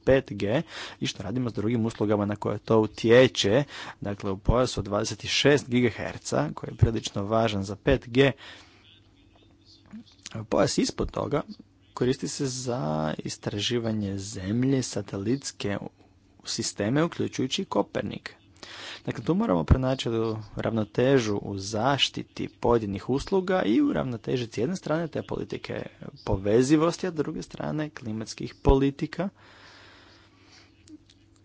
5G i što radimo s drugim uslugama na koje to utječe. Dakle, u pojasu 26 GHz, koji je prilično važan za 5G, pojas ispod toga koristi se za istraživanje zemlje, satelitske sisteme, uključujući Kopernik. Dakle, tu moramo pronaći ravnotežu u zaštiti pojedinih usluga i u ravnoteži s jedne strane te politike povezivosti, a s druge strane klimatskih politika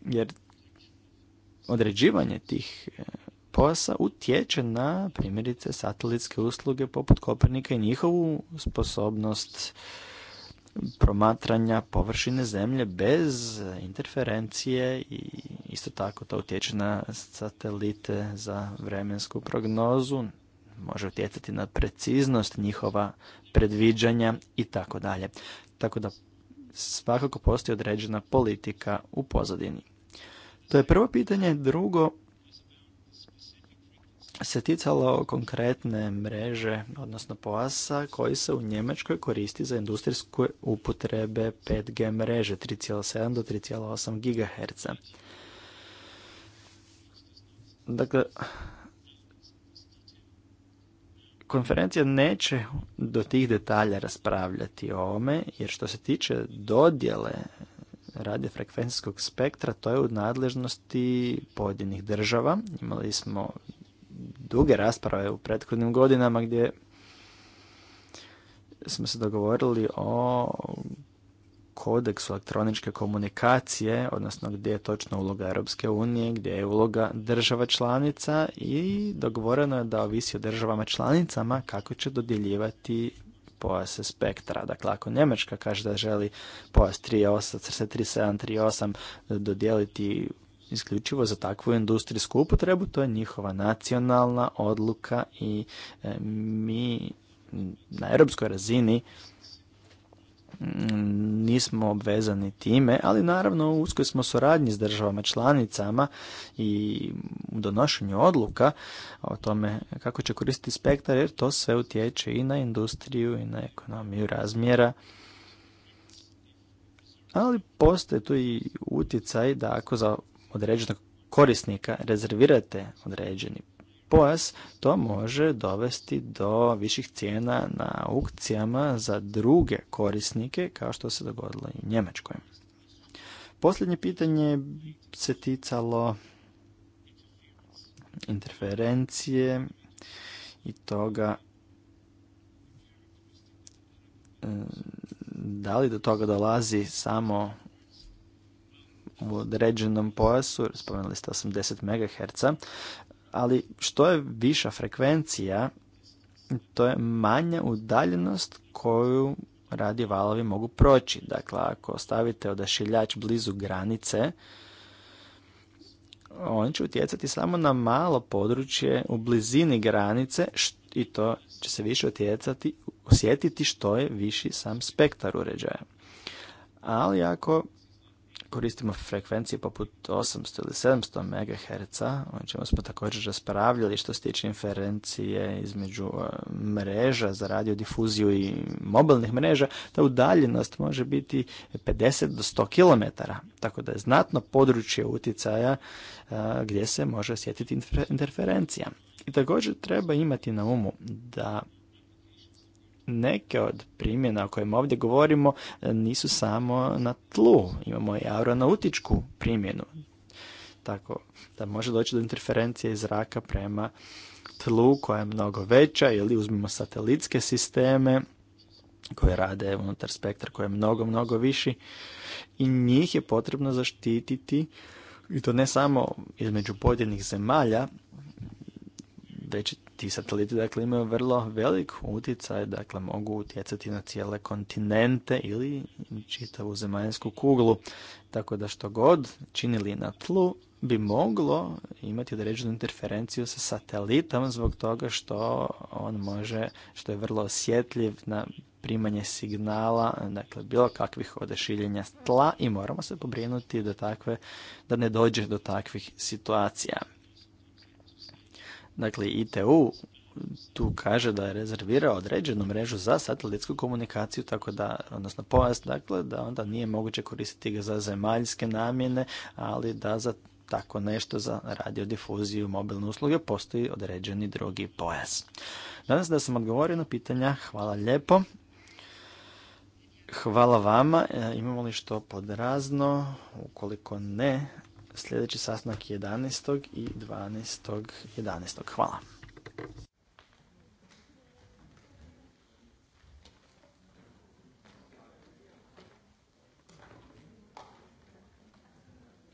jer određivanje tih e, posa utječe na primjerice satelitske usluge poput Kopernika i njihovu sposobnost promatranja površine zemlje bez interferencije i isto tako to utječe na satelite za vremensku prognozu, može utjecati na preciznost njihova predviđanja i tako dalje. Tako da svakako postoji određena politika u pozadini. To je prvo pitanje. Drugo se ticalo konkretne mreže, odnosno poasa, koji se u Njemačkoj koristi za industrijske upotrebe 5G mreže 3,7 do 3,8 GHz. Dakle, konferencija neće do tih detalja raspravljati o ovome, jer što se tiče dodjele radiofrekvencijskog spektra, to je u nadležnosti pojedinih država. Imali smo duge rasprave u prethodnim godinama gdje smo se dogovorili o kodeksu elektroničke komunikacije, odnosno gdje je točno uloga Europske unije, gdje je uloga država članica i dogovoreno je da ovisi o državama članicama kako će dodjeljivati pojase spektra. Dakle, ako Njemačka kaže da želi pojas 38, dodijeliti isključivo za takvu industrijsku upotrebu, to je njihova nacionalna odluka i e, mi na europskoj razini nismo obvezani time, ali naravno u uskoj smo suradnji s državama članicama i u donošenju odluka o tome kako će koristiti spektar jer to sve utječe i na industriju i na ekonomiju razmjera. Ali postoje tu i utjecaj da ako za određenog korisnika rezervirate određeni pojas, to može dovesti do viših cijena na aukcijama za druge korisnike, kao što se dogodilo i u Njemačkoj. Posljednje pitanje se ticalo interferencije i toga eh, da li do toga dolazi samo u određenom pojasu, spomenuli ste 80 MHz, ali što je viša frekvencija, to je manja udaljenost koju radi valovi mogu proći. Dakle, ako stavite odašiljač blizu granice, on će utjecati samo na malo područje u blizini granice i to će se više utjecati, osjetiti što je viši sam spektar uređaja. Ali ako koristimo frekvencije poput 800 ili 700 MHz, o čemu smo također raspravljali što se tiče inferencije između e, mreža za radiodifuziju i mobilnih mreža, ta udaljenost može biti 50 do 100 km, tako da je znatno područje uticaja e, gdje se može osjetiti interferencija. I također treba imati na umu da neke od primjena o kojima ovdje govorimo e, nisu samo na tlu, imamo i aeronautičku primjenu. Tako da može doći do interferencije iz zraka prema tlu koja je mnogo veća ili uzmimo satelitske sisteme koje rade unutar spektra koji je mnogo, mnogo viši i njih je potrebno zaštititi i to ne samo između pojedinih zemalja, već ti sateliti dakle imaju vrlo velik utjecaj, dakle mogu utjecati na cijele kontinente ili čitavu zemaljsku kuglu. Tako da što god činili na tlu bi moglo imati određenu interferenciju sa satelitom zbog toga što on može, što je vrlo osjetljiv na primanje signala, dakle bilo kakvih odešiljenja tla i moramo se pobrinuti da takve, da ne dođe do takvih situacija. Dakle, ITU tu kaže da je rezervirao određenu mrežu za satelitsku komunikaciju, tako da, odnosno pojas, dakle, da onda nije moguće koristiti ga za zemaljske namjene, ali da za tako nešto za radiodifuziju mobilne usluge postoji određeni drugi pojas. Danas da sam odgovorio na pitanja, hvala lijepo. Hvala vama. E, imamo li što podrazno? Ukoliko ne, Sljedeći sastanak 11. i 12. 11. Hvala.